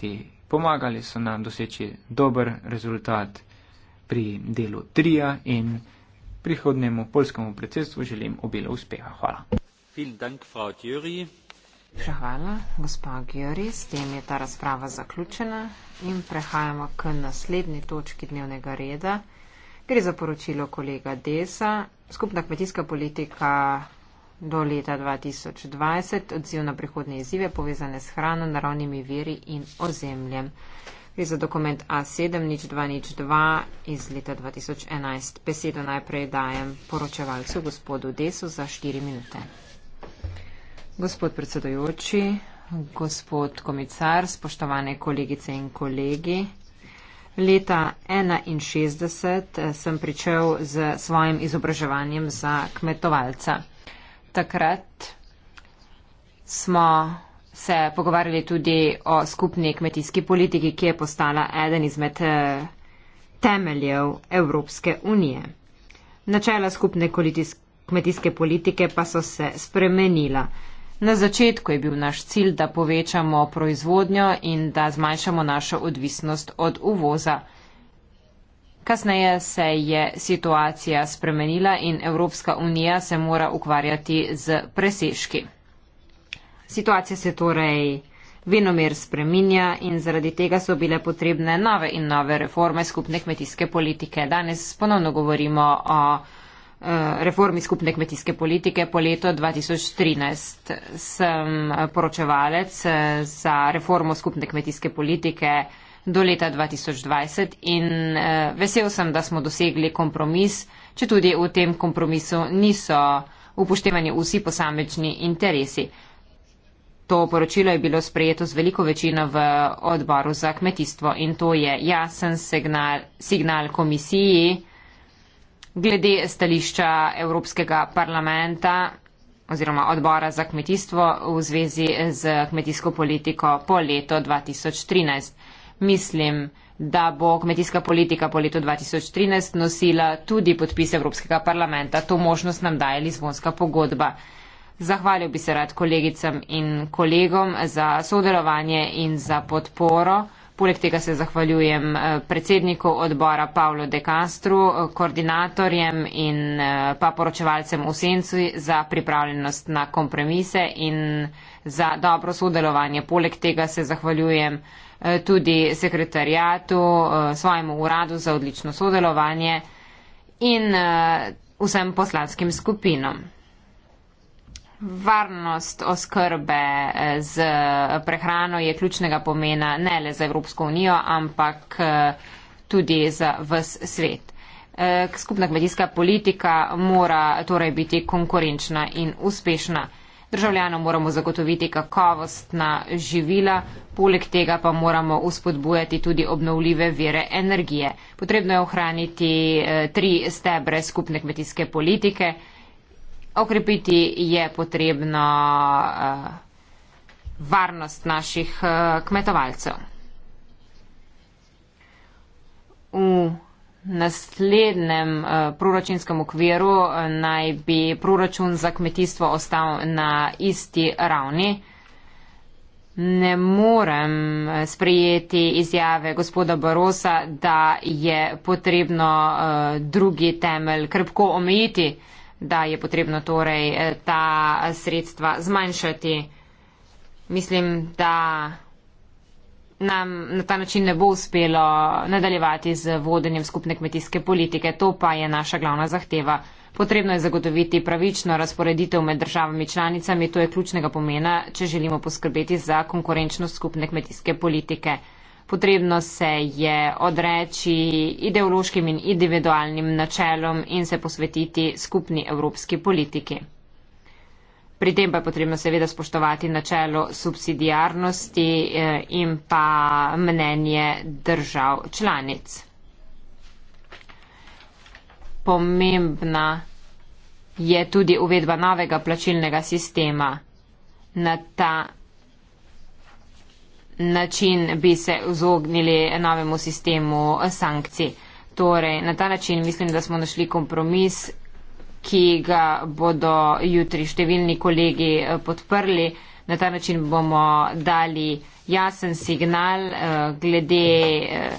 ti pomagali so nam doseči dober rezultat pri delu trija in prihodnemu polskemu predsedstvu želim obilo uspeha. Hvala. Hvala, gospa Gjori. S tem je ta razprava zaključena in prehajamo k naslednji točki dnevnega reda. Gre za poročilo kolega Desa. Skupna kmetijska politika do leta 2020, odziv na prihodne izzive povezane s hrano, naravnimi veri in ozemljem. Gre za dokument A7-202 iz leta 2011. Besedo najprej dajem poročevalcu gospodu Desu za 4 minute. Gospod predsedojoči, gospod komisar, spoštovane kolegice in kolegi. Leta 1961 eh, sem pričel z svojim izobraževanjem za kmetovalca takrat smo se pogovarjali tudi o skupni kmetijski politiki, ki je postala eden izmed eh, temeljev Evropske unije. Načela skupne kmetijske politike pa so se spremenila. Na začetku je bil naš cilj, da povečamo proizvodnjo in da zmanjšamo našo odvisnost od uvoza. Kasneje se je situacija spremenila in Evropska unija se mora ukvarjati z presežki. Situacija se torej venomer spreminja in zaradi tega so bile potrebne nove in nove reforme skupne kmetijske politike. Danes ponovno govorimo o eh, reformi skupne kmetijske politike po leto 2013. Sem poročevalec eh, za reformo skupne kmetijske politike do leta 2020 in eh, vesel sem, da smo dosegli kompromis, če tudi v tem kompromisu niso upoštevani vsi posamečni interesi. To poročilo je bilo sprejeto z veliko večino v odboru za kmetijstvo in to je jasen signal, signal komisiji glede stališča Evropskega parlamenta oziroma odbora za kmetijstvo v zvezi z kmetijsko politiko po leto 2013 mislim, da bo kmetijska politika po letu 2013 nosila tudi podpis Evropskega parlamenta. To možnost nam daje Lizbonska pogodba. Zahvalil bi se rad kolegicam in kolegom za sodelovanje in za podporo. Poleg tega se zahvaljujem eh, predsedniku odbora Pavlo De Castru, koordinatorjem in eh, pa poročevalcem v Sencu za pripravljenost na kompromise in za dobro sodelovanje. Poleg tega se zahvaljujem. Eh, tudi sekretarijatu, eh, svojemu uradu za odlično sodelovanje in eh, vsem poslanskim skupinom. Varnost oskrbe z prehrano je ključnega pomena ne le za Evropsko unijo, ampak tudi za vse svet. Skupna kmetijska politika mora torej biti konkurenčna in uspešna. Državljanom moramo zagotoviti kakovostna živila, poleg tega pa moramo uspodbujati tudi obnovljive vire energije. Potrebno je ohraniti eh, tri stebre skupne kmetijske politike. Okrepiti je potrebno eh, varnost naših eh, kmetovalcev naslednjem eh, proračunskem okviru eh, naj bi proračun za kmetijstvo ostal na isti ravni. Ne morem eh, sprejeti izjave gospoda Barosa, da je potrebno drugi temelj krpko omejiti, da je potrebno torej ta sredstva zmanjšati. Mislim, da nam na ta način ne bo uspelo nadaljevati z vodenjem skupne kmetijske politike. To pa je naša glavna zahteva. Potrebno je zagotoviti pravično razporeditev med državami članicami, to je ključnega pomena, če želimo poskrbeti za konkurenčnost skupne kmetijske politike. Potrebno se je odreči ideološkim in individualnim načelom in se posvetiti skupni evropski politiki. Pri tem pa je potrebno seveda spoštovati načelo subsidijarnosti eh, in pa mnenje držav članic. Pomembna je tudi uvedba novega plačilnega sistema. Na ta način bi se izognili novemu sistemu sankcij. Torej, na ta način mislim, da smo našli kompromis, ki ga bodo jutri številni kolegi eh, podprli. Na ta način bomo dali jasen signal eh, glede eh,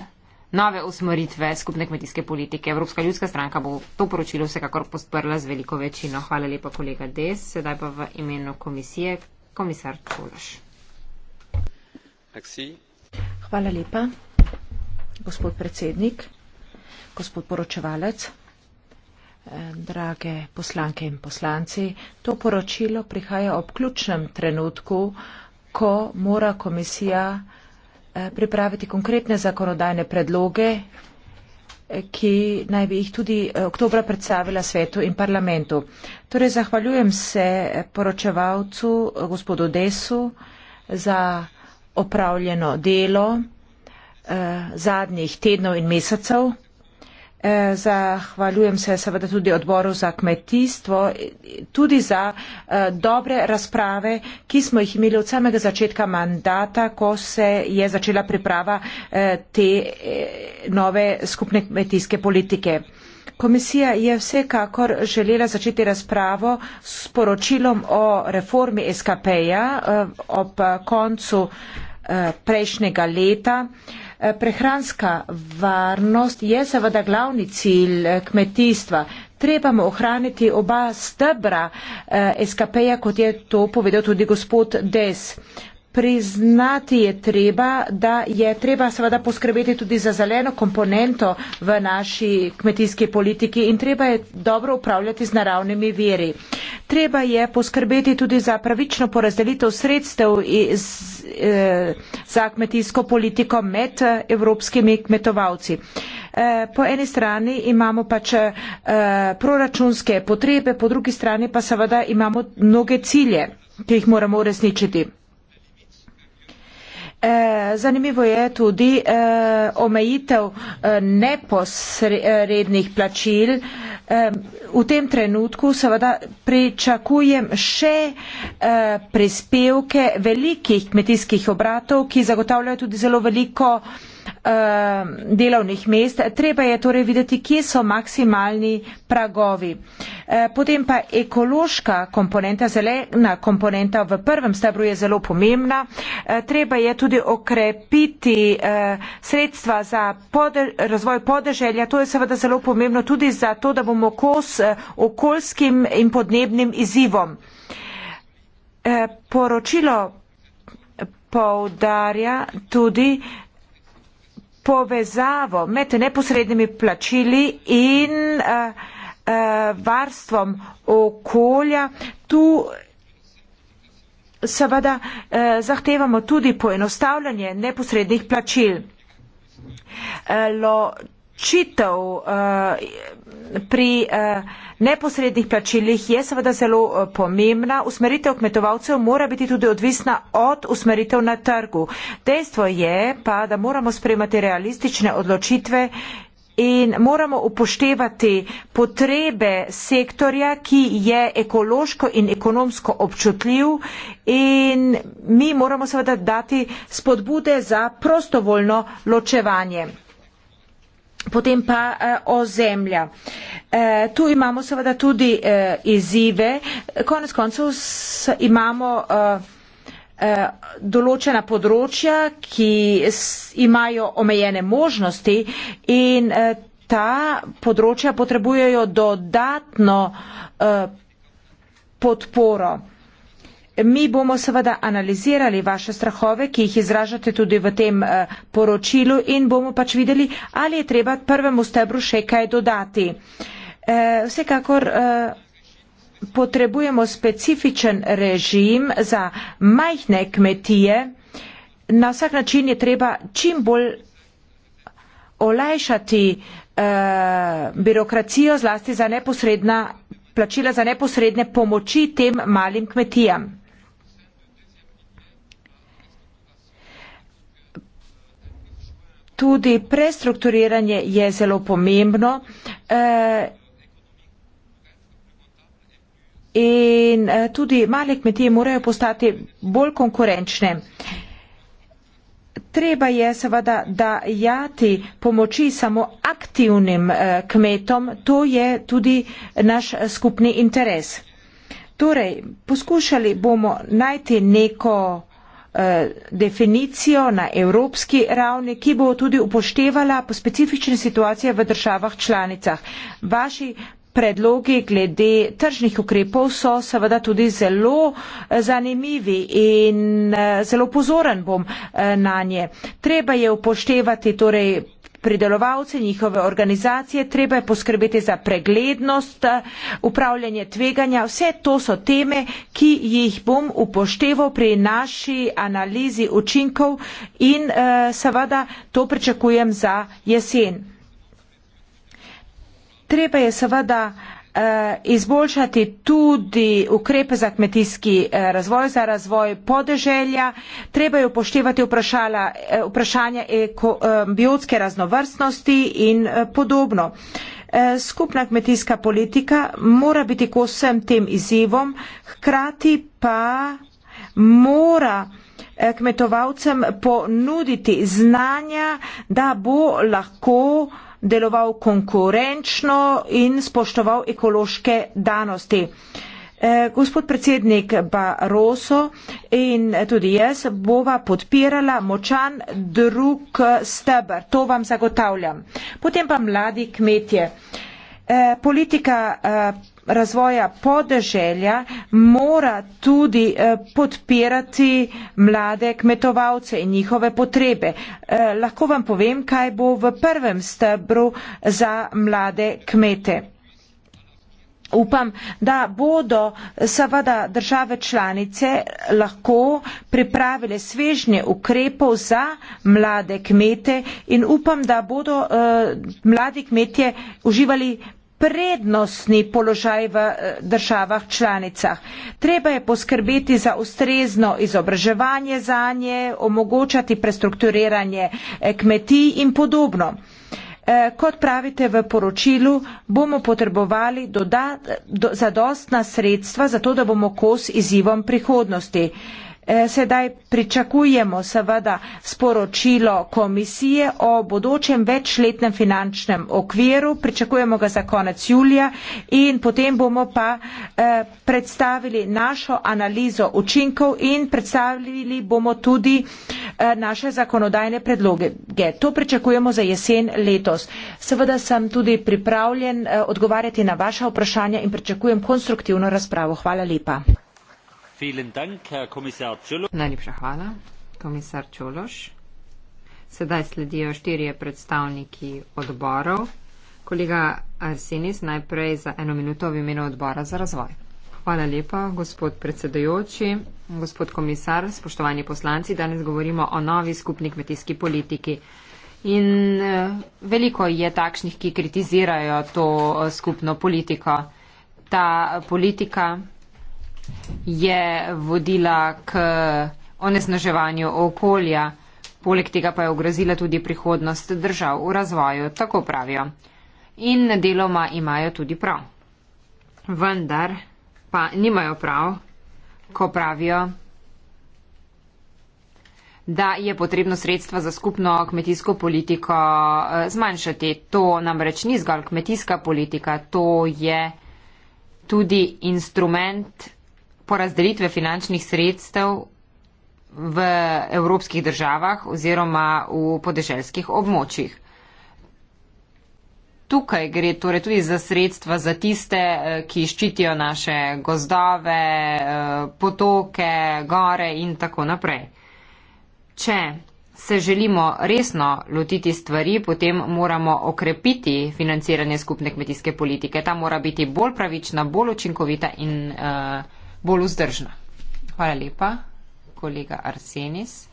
nove usmeritve skupne kmetijske politike. Evropska ljudska stranka bo to poročilo vsekakor podprla z veliko večino. Hvala lepa, kolega Des. Sedaj pa v imenu komisije komisar Kolaš. Hvala lepa, gospod predsednik, gospod poročevalec. Eh, drage poslanke in poslanci, to poročilo prihaja ob ključnem trenutku, ko mora komisija eh, pripraviti konkretne zakonodajne predloge, eh, ki naj bi jih tudi oktobra predstavila svetu in parlamentu. Torej, zahvaljujem se poročevalcu gospodu Desu za opravljeno delo zadnjih tednov in mesecev. Eh, zahvaljujem se seveda tudi odboru za kmetijstvo, tudi za eh, dobre razprave, ki smo jih imeli od samega začetka mandata, ko se je začela priprava eh, te nove skupne kmetijske politike. Komisija je vsekakor želela začeti razpravo s poročilom o reformi SKP-ja ob koncu prejšnjega leta. Eh, prehranska varnost je seveda glavni cilj eh, kmetijstva. Trebamo ohraniti oba stebra eh, SKP-ja, kot je to povedal tudi gospod Des priznati je treba, da je treba seveda poskrbeti tudi za zeleno komponento v naši kmetijski politiki in treba je dobro upravljati z naravnimi veri. Treba je poskrbeti tudi za pravično porazdelitev sredstev iz, eh, za kmetijsko politiko med eh, evropskimi kmetovalci. Eh, po eni strani imamo pač uh, proračunske potrebe, po drugi strani pa seveda imamo mnoge cilje, ki jih moramo uresničiti. Eh, zanimivo je tudi eh, omejitev eh, neposrednih plačil. V tem trenutku seveda pričakujem še prispevke velikih kmetijskih obratov, ki zagotavljajo tudi zelo veliko Eh, delovnih mest. Treba je torej videti, kje so maksimalni pragovi. Eh, potem pa ekološka komponenta, zelena komponenta v prvem stebru je zelo pomembna. Eh, treba je tudi okrepiti sredstva za podel, razvoj podeželja. To je seveda zelo pomembno tudi zato, da bomo kos okoljskim in podnebnim izzivom. Poročilo poudarja tudi, povezavo med neposrednimi plačili in uh, uh, varstvom okolja. Tu seveda uh, zahtevamo tudi poenostavljanje neposrednih plačil. Uh, lo, odločitev eh, pri eh, neposrednih plačilih je seveda zelo eh, pomembna. Usmeritev kmetovalcev mora biti tudi odvisna od usmeritev na trgu. Dejstvo je pa, da moramo spremati realistične odločitve in moramo upoštevati potrebe sektorja, ki je ekološko in ekonomsko občutljiv in mi moramo seveda dati spodbude za prostovoljno ločevanje. Potem pa eh, ozemlja. Eh, tu imamo seveda tudi eh, izzive. Konec koncev s, imamo eh, eh, določena področja, ki s, imajo omejene možnosti in eh, ta področja potrebujejo dodatno eh, podporo. Mi bomo seveda analizirali vaše strahove, ki jih izražate tudi v tem eh, poročilu in bomo pač videli, ali je treba prvemu stebru še kaj dodati. Eh, vsekakor eh, potrebujemo specifičen režim za majhne kmetije. Na vsak način je treba čim bolj olajšati birokracijo zlasti za neposredna plačila za neposredne pomoči tem malim kmetijam. tudi prestrukturiranje je zelo pomembno eh, in eh, tudi male kmetije morajo postati bolj konkurenčne. Treba je seveda dajati pomoči samo aktivnim eh, kmetom, to je tudi naš skupni interes. Torej, poskušali bomo najti neko Eh, definicijo na evropski ravni, ki bo tudi upoštevala specifične situacije v državah članicah. Vaši predlogi glede tržnih ukrepov so seveda tudi zelo eh, zanimivi in eh, zelo pozoren bom na nje. Treba je upoštevati torej pridelovalce, njihove organizacije, treba je poskrbeti za preglednost, upravljanje tveganja. Vse to so teme, ki jih bom upošteval pri naši analizi učinkov in eh, seveda to pričakujem za jesen. Treba je seveda Eh, izboljšati tudi ukrepe za kmetijski eh, razvoj, za razvoj podeželja, treba je upoštevati eh, vprašanja biotske raznovrstnosti in podobno. Skupna kmetijska politika mora biti kosem tem izzivom, hkrati pa mora kmetovalcem ponuditi znanja, da bo lahko deloval konkurenčno in spoštoval ekološke danosti. Eh, gospod predsednik Baroso in tudi jaz bova podpirala močan drug stebr, to vam zagotavljam. Potem pa mladi kmetje. Eh, politika eh, razvoja podeželja mora tudi eh, podpirati mlade kmetovalce in njihove potrebe. Eh, lahko vam povem, kaj bo v prvem stebru za mlade kmete. Upam, da bodo seveda države članice lahko pripravile svežnje ukrepov za mlade kmete in upam, da bodo uh, mladi kmetje uživali prednostni položaj v eh, državah članicah. Treba je poskrbeti za ustrezno izobraževanje za nje, omogočati prestrukturiranje eh, kmetij in podobno. Eh, kot pravite v poročilu, bomo potrebovali dodat, do, zadostna sredstva, zato da bomo kos izzivom prihodnosti. Eh, sedaj pričakujemo seveda sporočilo komisije o bodočem večletnem finančnem okviru, pričakujemo ga za konec julija in potem bomo pa eh, predstavili našo analizo učinkov in predstavili bomo tudi eh, naše zakonodajne predloge. To pričakujemo za jesen letos. Seveda sem tudi pripravljen odgovarjati na vaša vprašanja in pričakujem konstruktivno razpravo. Hvala lepa. Najlepša hvala, komisar Čološ. Sedaj sledijo štirje predstavniki odborov. Kolega Arsenis, najprej za eno minuto v imenu odbora za razvoj. Hvala lepa, gospod predsedujoči, gospod komisar, spoštovani poslanci. Danes govorimo o novi skupni kmetijski politiki. In eh, veliko je takšnih, ki kritizirajo to eh, skupno politiko. Ta politika je vodila k onesnaževanju okolja, poleg tega pa je ogrozila tudi prihodnost držav v razvoju, tako pravijo. In deloma imajo tudi prav. Vendar pa nimajo prav, ko pravijo, da je potrebno sredstva za skupno kmetijsko politiko eh, zmanjšati. To namreč ni zgolj kmetijska politika, to je tudi instrument porazdelitve finančnih sredstev v evropskih državah oziroma v podeželskih območjih. Tukaj gre torej tudi za sredstva za tiste, eh, ki ščitijo naše gozdove, eh, potoke, gore in tako naprej. Če se želimo resno lotiti stvari, potem moramo okrepiti financiranje skupne kmetijske politike. Ta mora biti bolj pravična, bolj učinkovita in. Uh, bolj vzdržna. Hvala lepa, kolega Arsenis.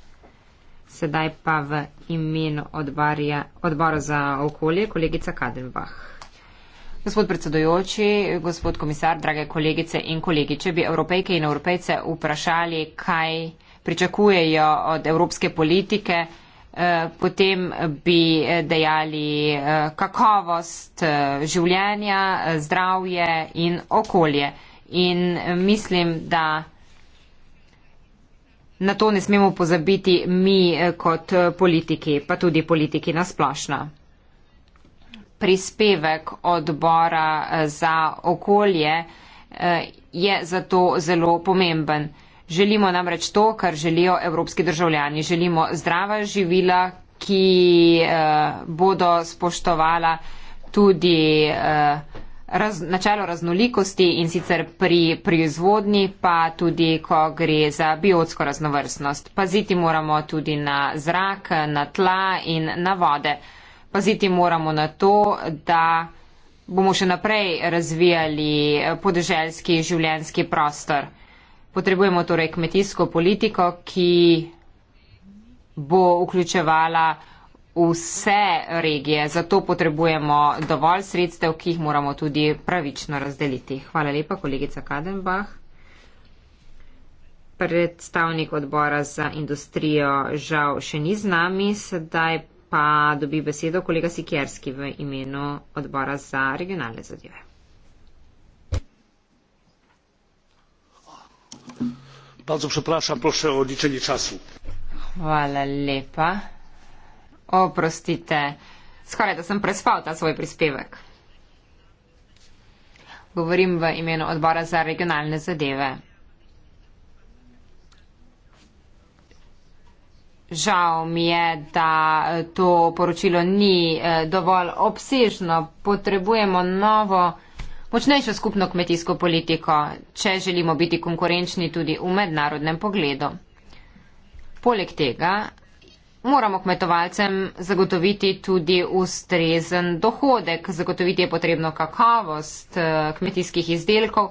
Sedaj pa v imenu odbarja, odbora za okolje, kolegica Kadenbach. Gospod predsedojoči, gospod komisar, drage kolegice in kolegi, če bi evropejke in evropejce vprašali, kaj pričakujejo od evropske politike, eh, potem bi dejali eh, kakovost eh, življenja, zdravje in okolje. In eh, mislim, da na to ne smemo pozabiti mi eh, kot eh, politiki, pa tudi politiki nasplošno. Prispevek odbora za okolje je zato zelo pomemben. Želimo namreč to, kar želijo evropski državljani. Želimo zdrava živila, ki bodo spoštovala tudi raz, načelo raznolikosti in sicer pri proizvodni, pa tudi, ko gre za biotsko raznovrstnost. Paziti moramo tudi na zrak, na tla in na vode. Paziti moramo na to, da bomo še naprej razvijali podeželski življenski prostor. Potrebujemo torej kmetijsko politiko, ki bo vključevala vse regije. Zato potrebujemo dovolj sredstev, ki jih moramo tudi pravično razdeliti. Hvala lepa, kolegica Kadenbach. Predstavnik odbora za industrijo žal še ni z nami, sedaj pa dobi besedo kolega Sikerski v imenu odbora za regionalne zadeve. Hvala lepa. Oprostite, skoraj da sem prespal ta svoj prispevek. Govorim v imenu odbora za regionalne zadeve. Žal mi je, da eh, to poročilo ni eh, dovolj obsežno. Potrebujemo novo, močnejšo skupno kmetijsko politiko, če želimo biti konkurenčni tudi v mednarodnem pogledu. Poleg tega moramo kmetovalcem zagotoviti tudi ustrezen dohodek, zagotoviti je potrebno kakavost eh, kmetijskih izdelkov,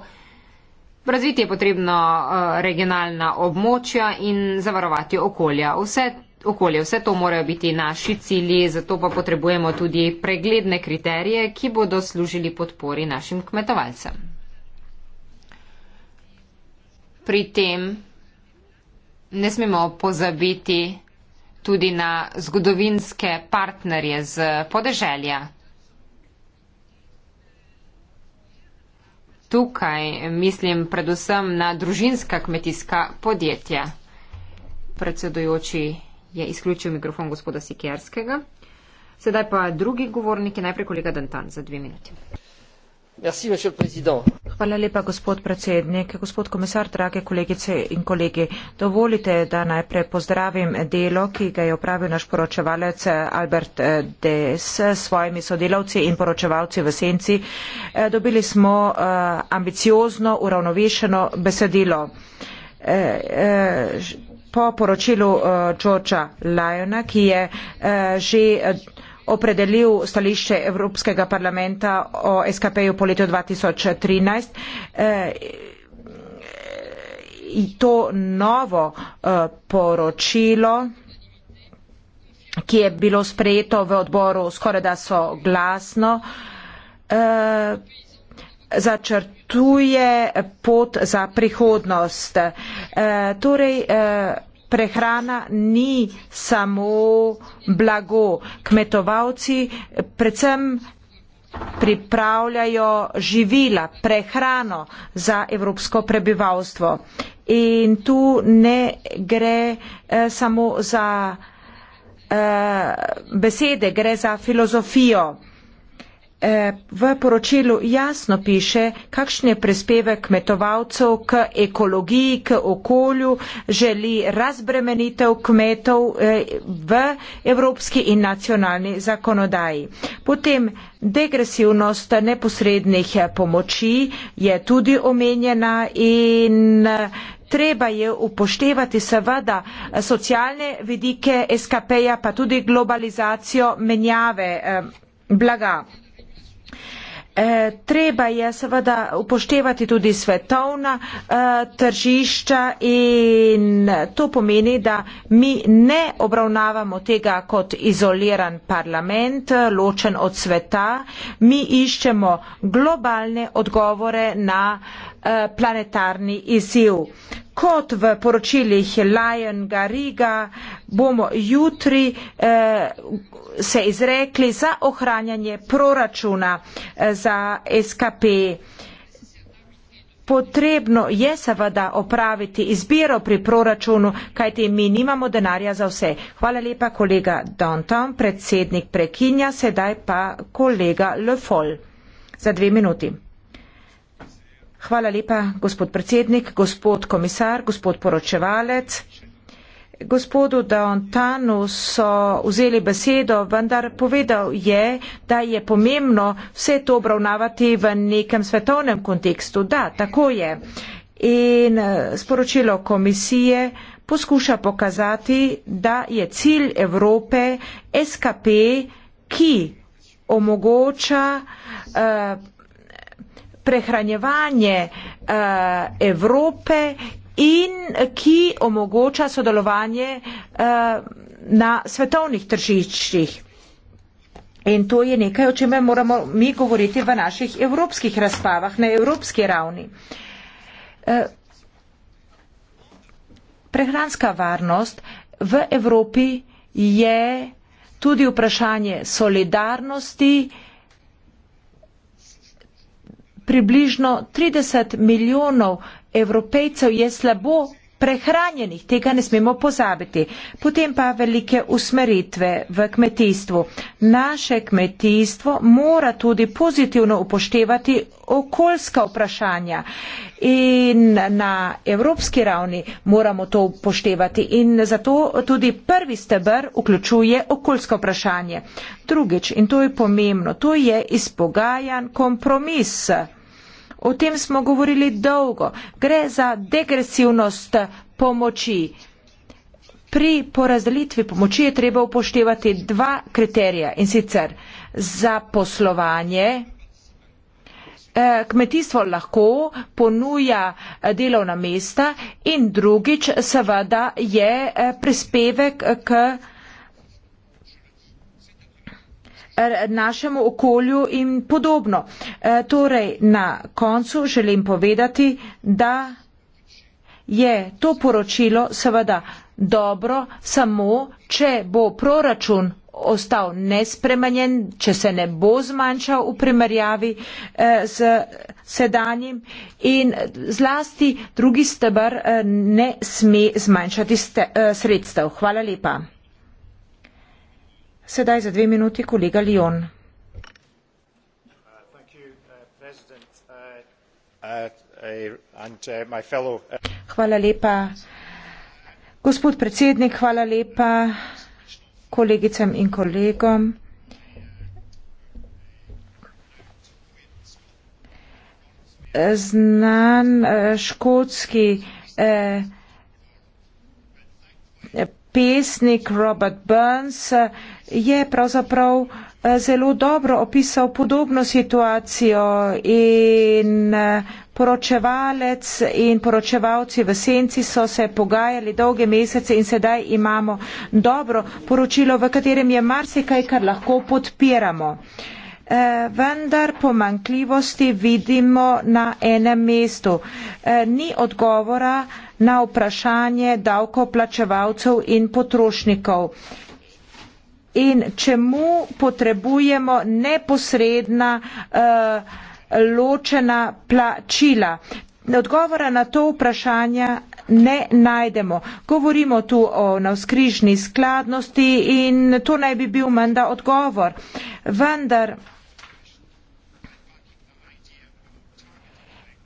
razviti je potrebno eh, regionalna območja in zavarovati okolja. Vse, okolje. Vse to morajo biti naši cilji, zato pa potrebujemo tudi pregledne kriterije, ki bodo služili podpori našim kmetovalcem. Pri tem ne smemo pozabiti, tudi na zgodovinske partnerje z podeželja. Tukaj mislim predvsem na družinska kmetijska podjetja. Predsedujoči je izključil mikrofon gospoda Sikerskega. Sedaj pa drugi govorniki, najprej kolega Dantan za dve minuti. Hvala lepa, gospod predsednik. Gospod komisar, drage kolegice in kolegi, dovolite, da najprej pozdravim delo, ki ga je opravil naš poročevalec Albert eh, Des s svojimi sodelavci in poročevalci v Senci. Eh, dobili smo eh, ambiciozno, uravnovešeno besedilo. Po poročilu Đorđa Lajona, ki je že opredelil stališče Evropskega parlamenta o SKP-ju po letu 2013. Eh, eh, to novo eh, poročilo, ki je bilo sprejeto v odboru skoraj da so glasno, začrtuje pot za prihodnost. Torej, prehrana ni samo blago. Kmetovalci predvsem pripravljajo živila, prehrano za evropsko prebivalstvo. In tu ne gre eh, samo za eh, besede, gre za filozofijo. Eh, v poročilu jasno piše, kakšen je prispevek kmetovalcev k ekologiji, k okolju, želi razbremenitev kmetov eh, v evropski in nacionalni zakonodaji. Potem degresivnost neposrednih eh, pomoči je tudi omenjena in treba je upoštevati seveda socialne vidike SKP-ja, pa tudi globalizacijo menjave blaga. E, treba je seveda upoštevati tudi svetovna e, tržišča in to pomeni, da mi ne obravnavamo tega kot izoliran parlament, ločen od sveta. Mi iščemo globalne odgovore na e, planetarni izziv. Kot v poročilih Lion Gariga bomo jutri eh, se izrekli za ohranjanje proračuna eh, za SKP. Potrebno je seveda opraviti izbiro pri proračunu, kajti mi nimamo denarja za vse. Hvala lepa, kolega Danton, predsednik prekinja, sedaj pa kolega Le Foll za dve minuti. Hvala lepa, gospod predsednik, gospod komisar, gospod poročevalec gospodu Dantanu so vzeli besedo, vendar povedal je, da je pomembno vse to obravnavati v nekem svetovnem kontekstu. Da, tako je. In eh, sporočilo komisije poskuša pokazati, da je cilj Evrope SKP, ki omogoča uh, prehranjevanje uh, Evrope, in ki omogoča sodelovanje eh, na svetovnih tržiščih. In to je nekaj, o čem moramo mi govoriti v naših evropskih razpavah, na evropski ravni. Eh, prehranska varnost v Evropi je tudi vprašanje solidarnosti približno 30 milijonov evropejcev je slabo prehranjenih, tega ne smemo pozabiti. Potem pa velike usmeritve v kmetijstvu. Naše kmetijstvo mora tudi pozitivno upoštevati okoljska vprašanja in na evropski ravni moramo to upoštevati in zato tudi prvi stebr vključuje okoljsko vprašanje. Drugič, in to je pomembno, to je izpogajan kompromis. O tem smo govorili dolgo. Gre za degresivnost pomoči. Pri porazdelitvi pomoči je treba upoštevati dva kriterija in sicer za poslovanje. Eh, kmetijstvo lahko ponuja eh, delovna mesta in drugič seveda je eh, prispevek k našemu okolju in podobno. E, torej, na koncu želim povedati, da je to poročilo seveda dobro samo, če bo proračun ostal nespremenjen, če se ne bo zmanjšal v primerjavi eh, z sedanjim in zlasti drugi stebr eh, ne sme zmanjšati ste, eh, sredstev. Hvala lepa. Sedaj za dve minuti kolega Lijon. Hvala lepa. Gospod predsednik, hvala lepa kolegicam in kolegom. Znan eh, škotski eh, pesnik Robert Burns eh, je pravzaprav eh, zelo dobro opisal podobno situacijo in eh, poročevalec in poročevalci v senci so se pogajali dolge mesece in sedaj imamo dobro poročilo, v katerem je marsikaj, kar lahko podpiramo. Uh, Eh, vendar pomankljivosti vidimo na enem mestu. Eh, ni odgovora na vprašanje davkoplačevalcev in potrošnikov. In čemu potrebujemo neposredna eh, ločena plačila? Odgovora na to vprašanje ne najdemo. Govorimo tu o navskrižni skladnosti in to naj bi bil menda odgovor. Vendar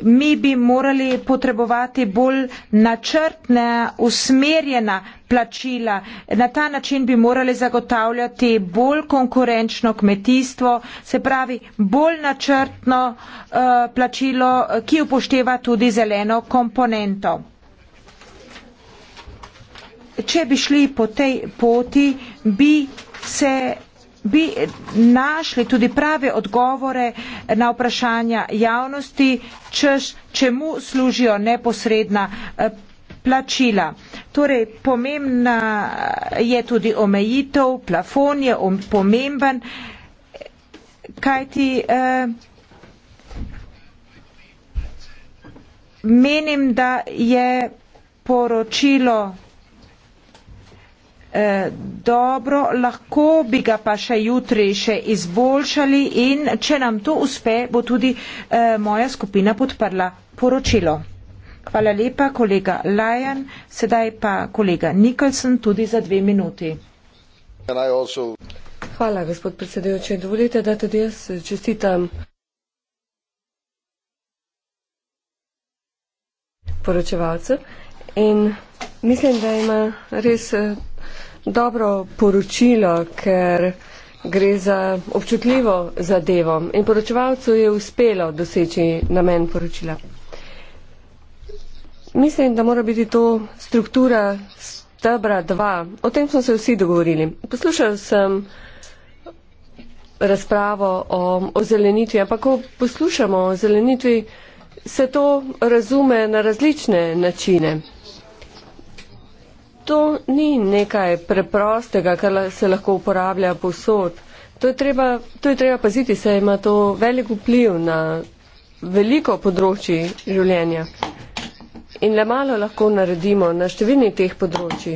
mi bi morali potrebovati bolj načrtne, usmerjena plačila. Na ta način bi morali zagotavljati bolj konkurenčno kmetijstvo, se pravi bolj načrtno uh, plačilo, ki upošteva tudi zeleno komponento. Če bi šli po tej poti, bi se bi našli tudi prave odgovore na vprašanja javnosti, češ, čemu služijo neposredna eh, plačila. Torej, pomembna eh, je tudi omejitev, plafon je pomemben, kaj ti eh, menim, da je poročilo Eh, dobro, lahko bi ga pa še jutri še izboljšali in če nam to uspe, bo tudi eh, moja skupina podprla poročilo. Hvala lepa, kolega Lajan. Sedaj pa kolega Nikolson tudi za dve minuti. Hvala, gospod predsedujoči. Dovolite, da tudi jaz čestitam poročevalcu. In mislim, da ima res eh, dobro poročilo, ker gre za občutljivo zadevo in poročevalcu je uspelo doseči namen poročila. Mislim, da mora biti to struktura stebra 2. O tem smo se vsi dogovorili. Poslušal sem razpravo o, o zelenitvi, ampak ko poslušamo o zelenitvi, se to razume na različne načine to ni nekaj preprostega, kar se lahko uporablja posod. To je treba, to je treba paziti, saj ima to velik vpliv na veliko področji življenja. In le malo lahko naredimo na številni teh področji.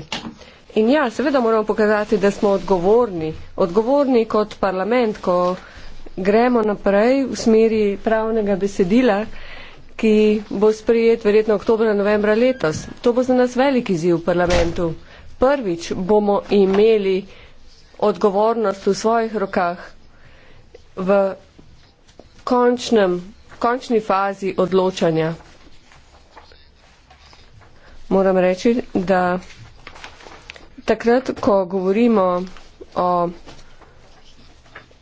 In ja, seveda moramo pokazati, da smo odgovorni. Odgovorni kot parlament, ko gremo naprej v smeri pravnega besedila, ki bo sprejet verjetno oktobra, novembra letos. To bo za nas veliki ziv v parlamentu. Prvič bomo imeli odgovornost v svojih rokah v končnem, končni fazi odločanja. Moram reči, da takrat, ko govorimo o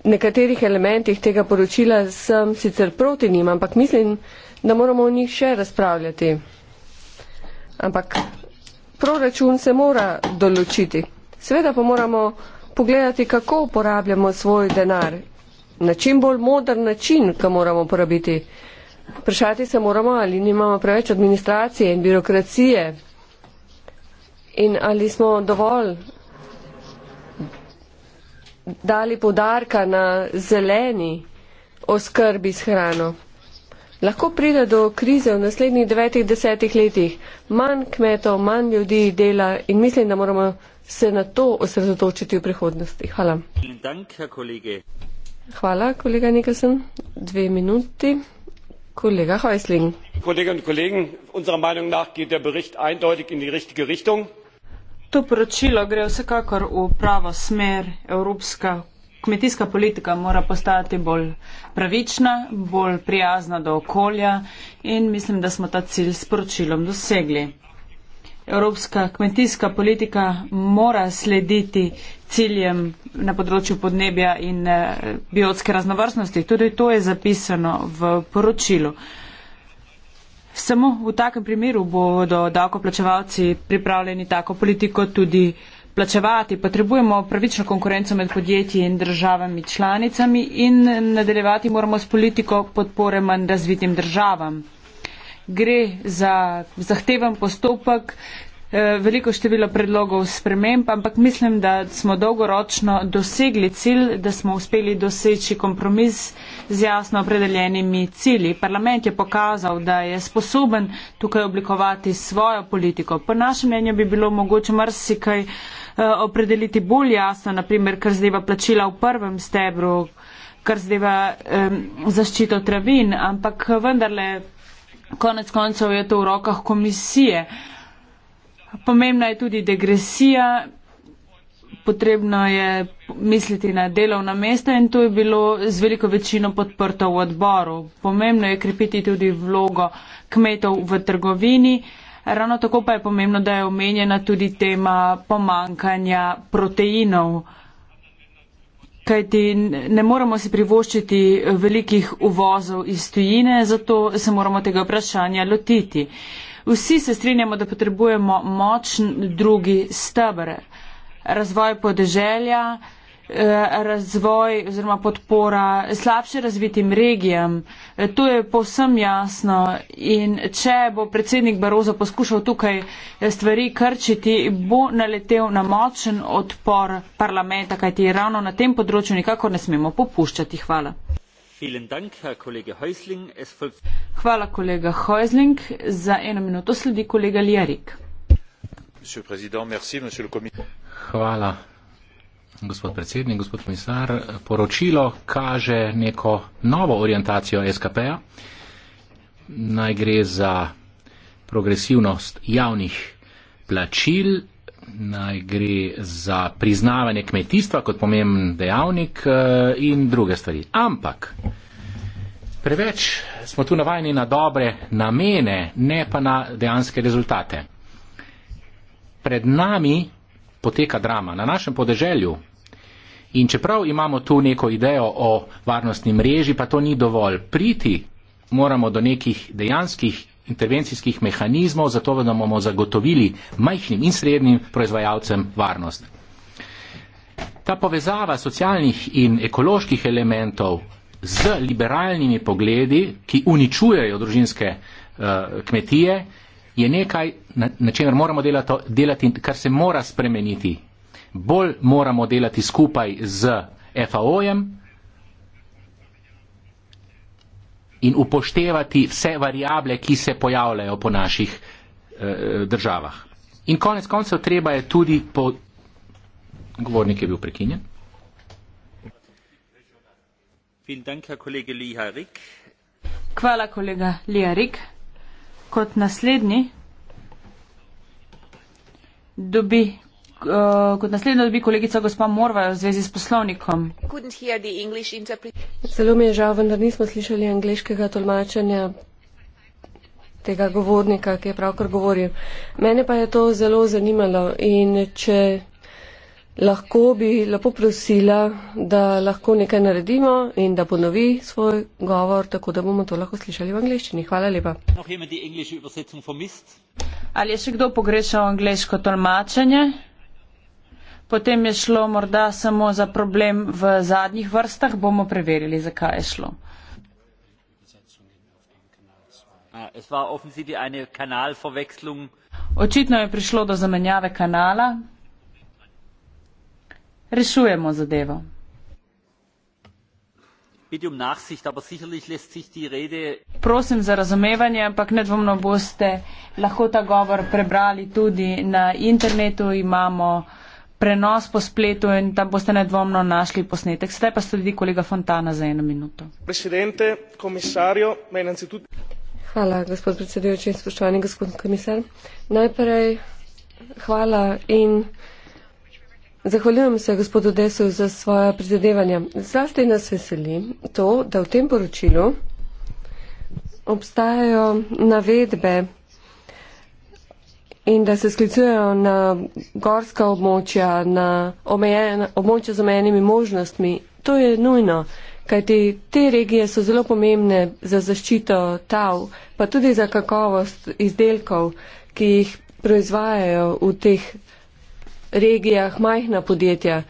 nekaterih elementih tega poročila, sem sicer proti njim, ampak mislim, da moramo o njih še razpravljati. Ampak proračun se mora določiti. Sveda pa moramo pogledati, kako uporabljamo svoj denar. Na čim bolj modern način, ki moramo uporabiti. Prešati se moramo, ali nimamo preveč administracije in birokracije. In ali smo dovolj dali podarka na zeleni oskrbi s hrano. Lahko pride do krize v naslednjih devetih, desetih letih. Manj kmetov, manj ljudi dela in mislim, da moramo se na to osredotočiti v prihodnosti. Hvala. Hvala, kolega Nikasen. Dve minuti. Kolega Hojsling. To poročilo gre vsekakor v pravo smer. Evropska kmetijska politika mora postati bolj pravična, bolj prijazna do okolja in mislim, da smo ta cilj s poročilom dosegli. Evropska kmetijska politika mora slediti ciljem na področju podnebja in eh, biotske raznovrstnosti. Tudi to je zapisano v poročilu. Samo v takem primeru bodo davkoplačevalci pripravljeni tako politiko tudi plačevati. Potrebujemo pravično konkurenco med podjetji in državami članicami in nadaljevati moramo s politiko podpore manj razvitim državam. Gre za zahteven postopek, eh, veliko število predlogov sprememb, ampak mislim, da smo dolgoročno dosegli cilj, da smo uspeli doseči kompromis z jasno opredeljenimi cili. Parlament je pokazal, da je sposoben tukaj oblikovati svojo politiko. Po našem mnenju bi bilo mogoče marsikaj eh, opredeliti bolj jasno, naprimer, kar zdaj plačila v prvem stebru, kar zdaj v zaščito travin, ampak vendarle konec koncev je to v rokah komisije. Pomembna je tudi degresija potrebno je misliti na delovna mesta in to je bilo z veliko večino podprto v odboru. Pomembno je krepiti tudi vlogo kmetov v trgovini. Ravno tako pa je pomembno, da je omenjena tudi tema pomankanja proteinov. Kajti ne moremo si privoščiti velikih uvozov iz tujine, zato se moramo tega vprašanja lotiti. Vsi se strinjamo, da potrebujemo močen drugi stebre razvoj podeželja, eh, razvoj oziroma podpora slabše razvitim regijam. Eh, to je povsem jasno in če bo predsednik Barozo poskušal tukaj eh, stvari krčiti, bo naletel na močen odpor parlamenta, kajti ravno na tem področju nikako ne smemo popuščati. Hvala. Hvala kolega Heusling. Za eno minuto sledi kolega Ljarik hvala gospod predsednik gospod komisar poročilo kaže neko novo orientacijo skp -ja. naj gre za progresivnost javnih plačil naj gre za priznavanje kmetijstva kot pomemben dejavnik eh, in druge stvari ampak Preveč smo tu navajeni na dobre namene, ne pa na dejanske rezultate pred nami poteka drama, na našem podeželju. In čeprav imamo tu neko idejo o varnostni mreži, pa to ni dovolj. Priti moramo do nekih dejanskih intervencijskih mehanizmov, zato da bomo zagotovili majhnim in srednjim proizvajalcem varnost. Ta povezava socialnih in ekoloških elementov z liberalnimi pogledi, ki uničujejo družinske uh, kmetije, uh, je nekaj, na, na čemer moramo delato, delati, kar se mora spremeniti. Bolj moramo delati skupaj z FAO-jem in upoštevati vse variable, ki se pojavljajo po naših eh, državah. In konec koncev treba je tudi po. Govornik je bil prekinjen. Hvala, kolega Lija Rik. Hvala, kolega Lija Rik kot naslednji dobi. Eh, kot naslednjo dobi kolegica gospa Morva v zvezi s poslovnikom. Zelo mi je žal, vendar nismo slišali angliškega tolmačenja tega govornika, ki je pravkar govoril. Mene pa je to zelo zanimalo in če lahko bi lepo prosila, da lahko nekaj naredimo in da ponovi svoj govor, tako da bomo to lahko slišali v angliščini. Hvala lepa. Ali je še kdo pogrešal angliško tolmačenje? Potem je šlo morda samo za problem v zadnjih vrstah, bomo preverili, zakaj je šlo. Ah, Očitno je prišlo do zamenjave kanala rešujemo zadevo. Um Prosim za razumevanje, ampak nedvomno boste lahko ta govor prebrali tudi na internetu. Imamo prenos po spletu in tam boste nedvomno našli posnetek. Sedaj pa sledi kolega Fontana za eno minuto. Hvala, gospod predsedujoči in spoštovani gospod komisar. Najprej hvala in. Zahvaljujem se gospodu Desu za svoja prizadevanja. Zlasti nas veseli to, da v tem poročilu obstajajo navedbe in da se sklicujejo na gorska območja, na omejen, območja z omejenimi možnostmi. To je nujno, kajti te regije so zelo pomembne za zaščito tav, pa tudi za kakovost izdelkov, ki jih proizvajajo v teh regijah regijah majhna podjetja.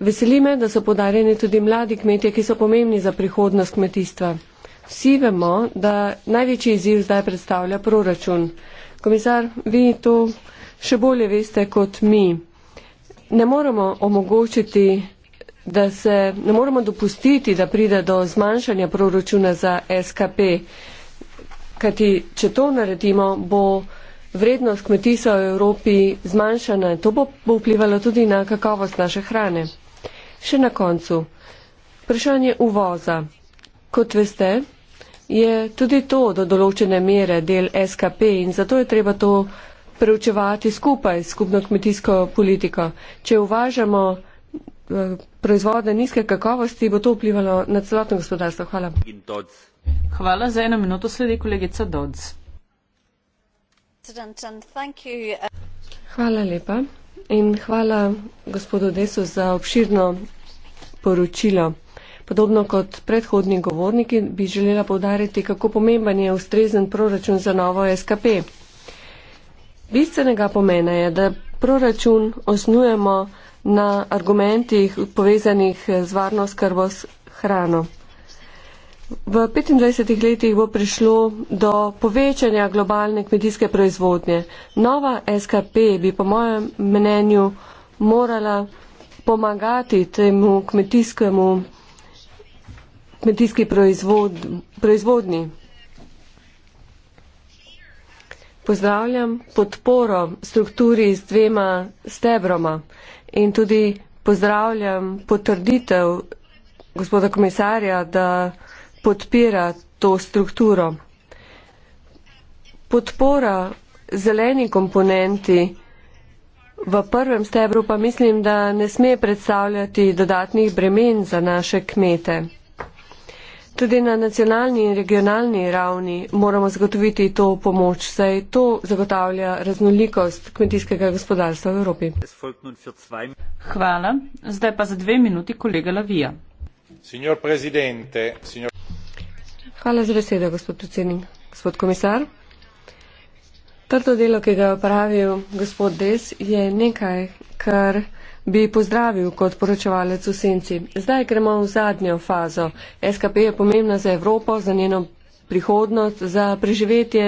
Veseli me, da so podarjeni tudi mladi kmetje, ki so pomembni za prihodnost kmetijstva. Vsi vemo, da največji izziv zdaj predstavlja proračun. Komisar, vi to še bolje veste kot mi. Ne moremo omogočiti, da se ne moremo dopustiti, da pride do zmanjšanja proračuna za SKP, kajti če to naredimo, bo vrednost kmetijstva v Evropi zmanjšana. To bo, bo vplivalo tudi na kakovost naše hrane. Še na koncu. Vprašanje uvoza. Kot veste, je tudi to do določene mere del SKP in zato je treba to preučevati skupaj s skupno kmetijsko politiko. Če uvažamo eh, proizvode nizke kakovosti, bo to vplivalo na celotno gospodarstvo. Hvala. Hvala za eno minuto, sledi kolegica Dodds. Uh, hvala lepa in hvala gospodu Desu za obširno poročilo. Podobno kot predhodni govorniki bi želela povdariti, kako pomemben je ustrezen proračun za novo SKP. Bistvenega pomena je, da proračun osnujemo na argumentih povezanih z varno skrbo s hrano. V 25 letih bo prišlo do povečanja globalne kmetijske proizvodnje. Nova SKP bi po mojem mnenju morala pomagati temu kmetijskemu kmetijski proizvod, proizvodni. Pozdravljam podporo strukturi s dvema stebroma in tudi pozdravljam potrditev gospoda komisarja, da podpira to strukturo. Podpora zeleni komponenti v prvem stebru pa mislim, da ne sme predstavljati dodatnih bremen za naše kmete. Tudi na nacionalni in regionalni ravni moramo zagotoviti to pomoč, saj to zagotavlja raznolikost kmetijskega gospodarstva v Evropi. Hvala. Zdaj pa za dve minuti kolega Lavija. Signor Hvala za besedo, gospod predsednik. Gospod komisar. Trdo delo, ki ga je opravil gospod Des, je nekaj, kar bi pozdravil kot poročevalec v senci. Zdaj gremo v zadnjo fazo. SKP je pomembna za Evropo, za njeno prihodnost, za preživetje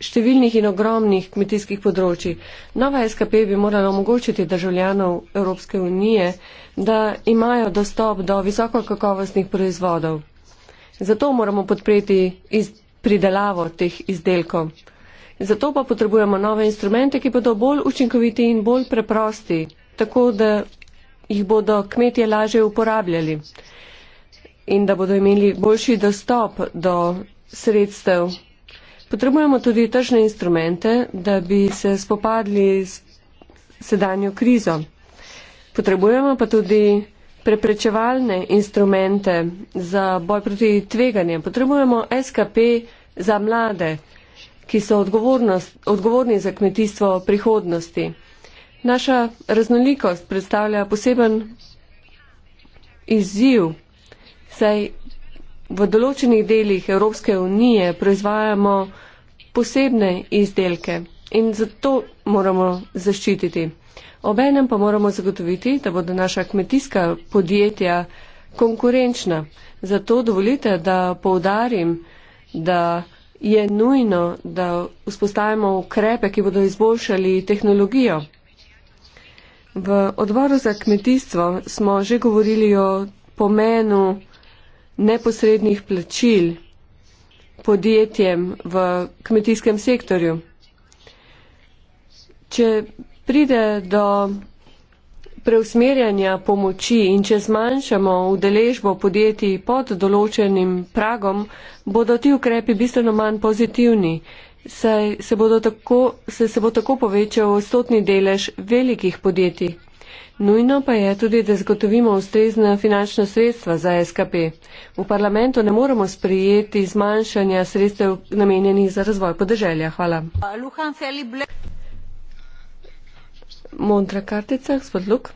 številnih in ogromnih kmetijskih področji. Nova SKP bi morala omogočiti državljanov Evropske unije, da imajo dostop do visokokakovostnih proizvodov. Zato moramo podpreti pridelavo teh izdelkov. Zato pa potrebujemo nove instrumente, ki bodo bolj učinkoviti in bolj preprosti, tako da jih bodo kmetje lažje uporabljali in da bodo imeli boljši dostop do sredstev. Potrebujemo tudi tržne instrumente, da bi se spopadli s sedanjo krizo. Potrebujemo pa tudi preprečevalne instrumente za boj proti tveganjem. Potrebujemo SKP za mlade, ki so odgovorni za kmetijstvo prihodnosti. Naša raznolikost predstavlja poseben izziv, saj v določenih delih Evropske unije proizvajamo posebne izdelke in zato moramo zaščititi. Obenem pa moramo zagotoviti, da bodo naša kmetijska podjetja konkurenčna. Zato dovolite, da poudarim, da je nujno, da vzpostavimo ukrepe, ki bodo izboljšali tehnologijo. V odboru za kmetijstvo smo že govorili o pomenu neposrednih plačil podjetjem v kmetijskem sektorju. Če pride do preusmerjanja pomoči in če zmanjšamo udeležbo podjetij pod določenim pragom, bodo ti ukrepi bistveno manj pozitivni, saj se, tako, saj se bo tako povečal stotni delež velikih podjetij. Nujno pa je tudi, da zagotovimo ustrezna finančna sredstva za SKP. V parlamentu ne moremo sprijeti zmanjšanja sredstev namenjenih za razvoj podeželja. Hvala. Modra kartica, gospod Luk.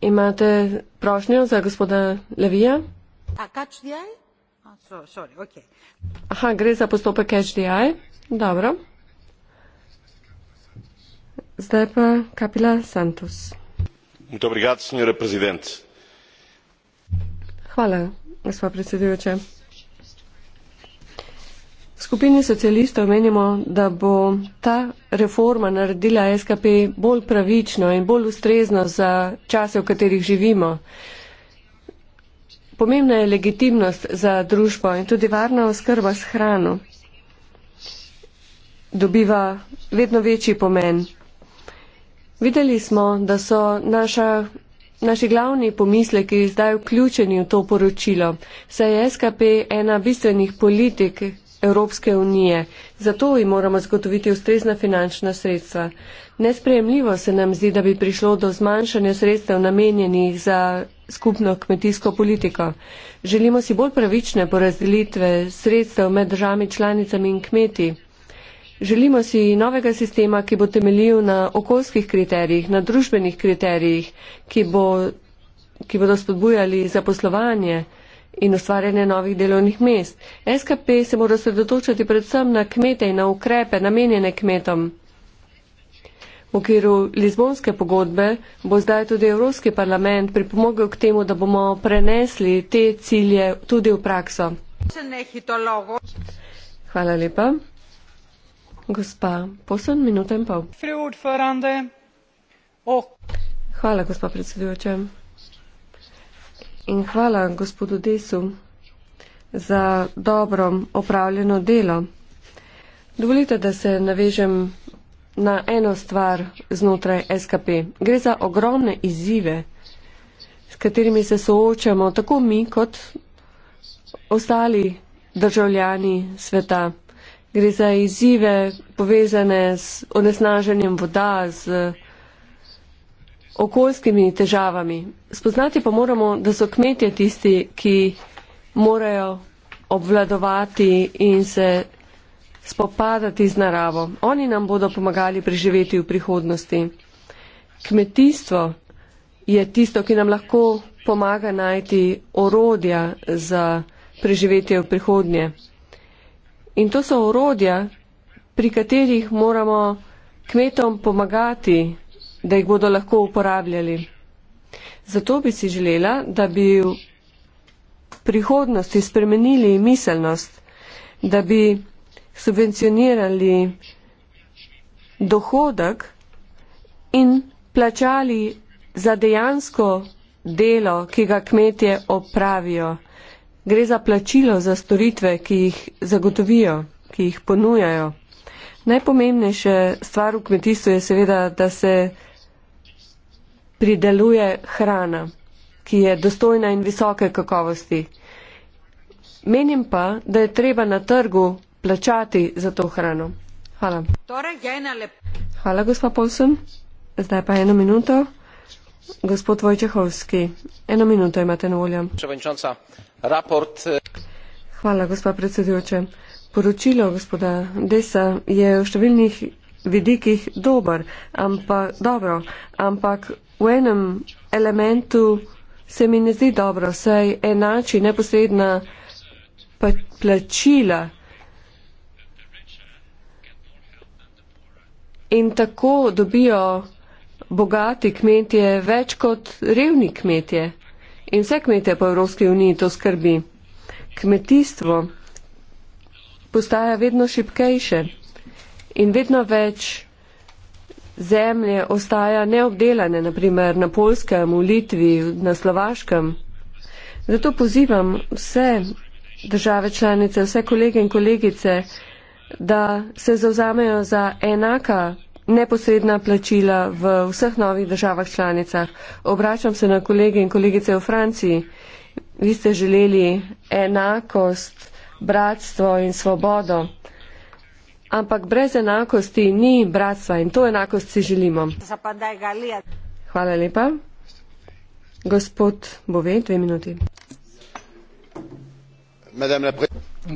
Imate prošnjo za gospoda Levija? Aha, gre za postopek HDI. Dobro. Zdaj pa Kapila Santos. Hvala, gospod predsedujoče skupini socialistov menimo, da bo ta reforma naredila SKP bolj pravično in bolj ustrezno za čase, v katerih živimo. Pomembna je legitimnost za družbo in tudi varna oskrba s hrano dobiva vedno večji pomen. Videli smo, da so naša, naši glavni pomisleki zdaj vključeni v to poročilo. Saj je SKP ena bistvenih politik, Evropske unije. Zato ji moramo zagotoviti ustrezna finančna sredstva. Nesprejemljivo se nam zdi, da bi prišlo do zmanjšanja sredstev namenjenih za skupno kmetijsko politiko. Želimo si bolj pravične porazdelitve sredstev med državami članicami in kmeti. Želimo si novega sistema, ki bo temeljil na okoljskih kriterijih, na družbenih kriterijih, ki, bo, ki bodo spodbujali zaposlovanje in ustvarjanje novih delovnih mest. SKP se mora sredotočati predvsem na kmete in na ukrepe namenjene kmetom. V okviru Lizbonske pogodbe bo zdaj tudi Evropski parlament pripomogel k temu, da bomo prenesli te cilje tudi v prakso. Hvala lepa. Gospa Poson, minuta in pol. Hvala, gospa predsedujoča in hvala gospodu Desu za dobro opravljeno delo. Dovolite, da se navežem na eno stvar znotraj SKP. Gre za ogromne izzive, s katerimi se soočamo tako mi kot ostali državljani sveta. Gre za izzive povezane z onesnaženjem voda, z okoljskimi težavami. Spoznati pa moramo, da so kmetje tisti, ki morajo obvladovati in se spopadati z naravo. Oni nam bodo pomagali preživeti v prihodnosti. Kmetijstvo je tisto, ki nam lahko pomaga najti orodja za preživetje v prihodnje. In to so orodja, pri katerih moramo kmetom pomagati da jih bodo lahko uporabljali. Zato bi si želela, da bi v prihodnosti spremenili miselnost, da bi subvencionirali dohodek in plačali za dejansko delo, ki ga kmetje opravijo. Gre za plačilo za storitve, ki jih zagotovijo, ki jih ponujajo. Najpomembnejše stvar v kmetijstvu je seveda, da se prideluje hrana, ki je dostojna in visoke kakovosti. Menim pa, da je treba na trgu plačati za to hrano. Hvala. Torej, Hvala, gospa Polsen. Zdaj pa eno minuto. Gospod Vojčehovski, eno minuto imate na voljo. Eh, Hvala, gospa predsedujoče. Poročilo gospoda Desa je v številnih vidikih dober, ampak, dobro, ampak v enem elementu se mi ne zdi dobro, saj enači neposredna plačila. In tako dobijo bogati kmetje več kot revni kmetje. In vse kmete po Evropski uniji to skrbi. Kmetijstvo postaja vedno šipkejše in vedno več zemlje ostaja neobdelane, naprimer na Polskem, v Litvi, na Slovaškem. Zato pozivam vse države članice, vse kolege in kolegice, da se zauzamejo za enaka neposredna plačila v vseh novih državah članicah. Obračam se na kolege in kolegice v Franciji. Vi ste želeli enakost, bratstvo in svobodo. Ampak brez enakosti ni bratstva in to enakost si želimo. Hvala lepa. Gospod Bove, dve minuti.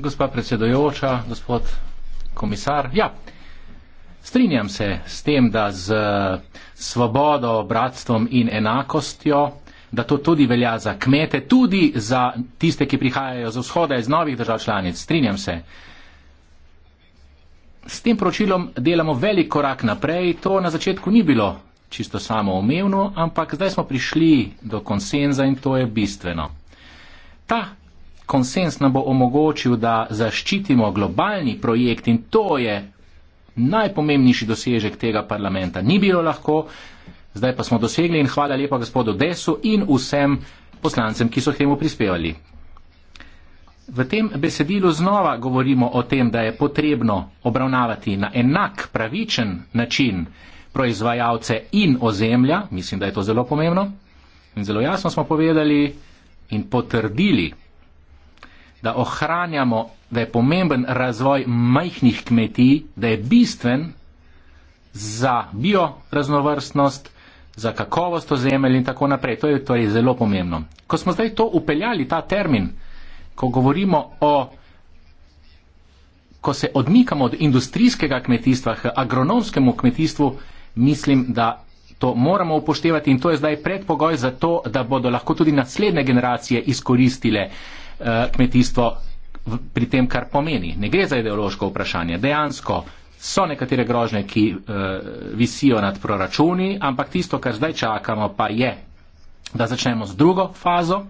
Gospa predsedojoča, gospod komisar. Ja, strinjam se s tem, da z svobodo, bratstvom in enakostjo, da to tudi velja za kmete, tudi za tiste, ki prihajajo z vzhoda iz novih držav članic. Strinjam se. S tem poročilom delamo velik korak naprej. To na začetku ni bilo čisto samoumevno, ampak zdaj smo prišli do konsenza in to je bistveno. Ta konsens nam bo omogočil, da zaščitimo globalni projekt in to je najpomembnejši dosežek tega parlamenta. Ni bilo lahko, zdaj pa smo dosegli in hvala lepa gospodu Desu in vsem poslancem, ki so k temu prispevali. V tem besedilu znova govorimo o tem, da je potrebno obravnavati na enak pravičen način proizvajalce in ozemlja, mislim, da je to zelo pomembno, in zelo jasno smo povedali in potrdili, da ohranjamo, da je pomemben razvoj majhnih kmetij, da je bistven za bioraznovrstnost, za kakovost ozemelj in tako naprej. To je torej zelo pomembno. Ko smo zdaj to upeljali, ta termin, ko govorimo o, ko se odmikamo od industrijskega kmetijstva k agronomskemu kmetijstvu, mislim, da to moramo upoštevati in to je zdaj predpogoj za to, da bodo lahko tudi naslednje generacije izkoristile eh, kmetijstvo pri tem, kar pomeni. Ne gre za ideološko vprašanje. Dejansko so nekatere grožne, ki uh, visijo nad proračuni, ampak tisto, kar zdaj čakamo, pa je, da začnemo z drugo fazo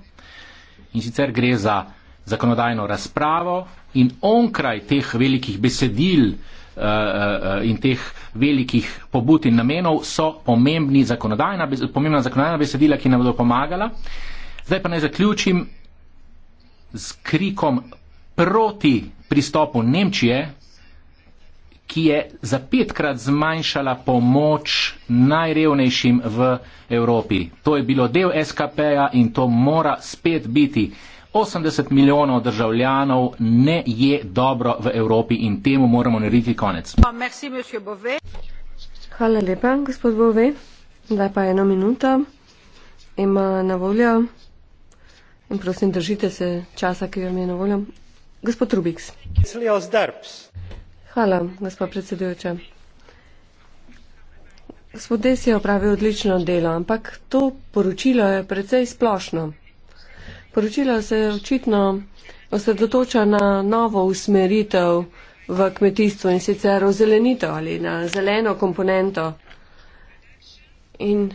in sicer gre za zakonodajno razpravo in onkraj teh velikih besedil eh, eh, in teh velikih pobud in namenov so zakonodajna, pomembna zakonodajna besedila, ki nam bodo pomagala. Zdaj pa naj zaključim z krikom proti pristopu Nemčije, ki je za petkrat zmanjšala pomoč najrevnejšim v Evropi. To je bilo del SKP-ja in to mora spet biti. 80 milijonov državljanov ne je dobro v Evropi in temu moramo narediti konec. Ah, Hvala lepa, gospod Bove. Zdaj pa eno minuto. Ima na voljo. In prosim, držite se časa, ki vam je na voljo. Gospod Rubiks. Hvala, gospod predsedujoča. Gospod Des je opravil odlično delo, ampak to poročilo je precej splošno. Poročilo se očitno osredotoča na novo usmeritev v kmetijstvo in sicer v zelenito ali na zeleno komponento. In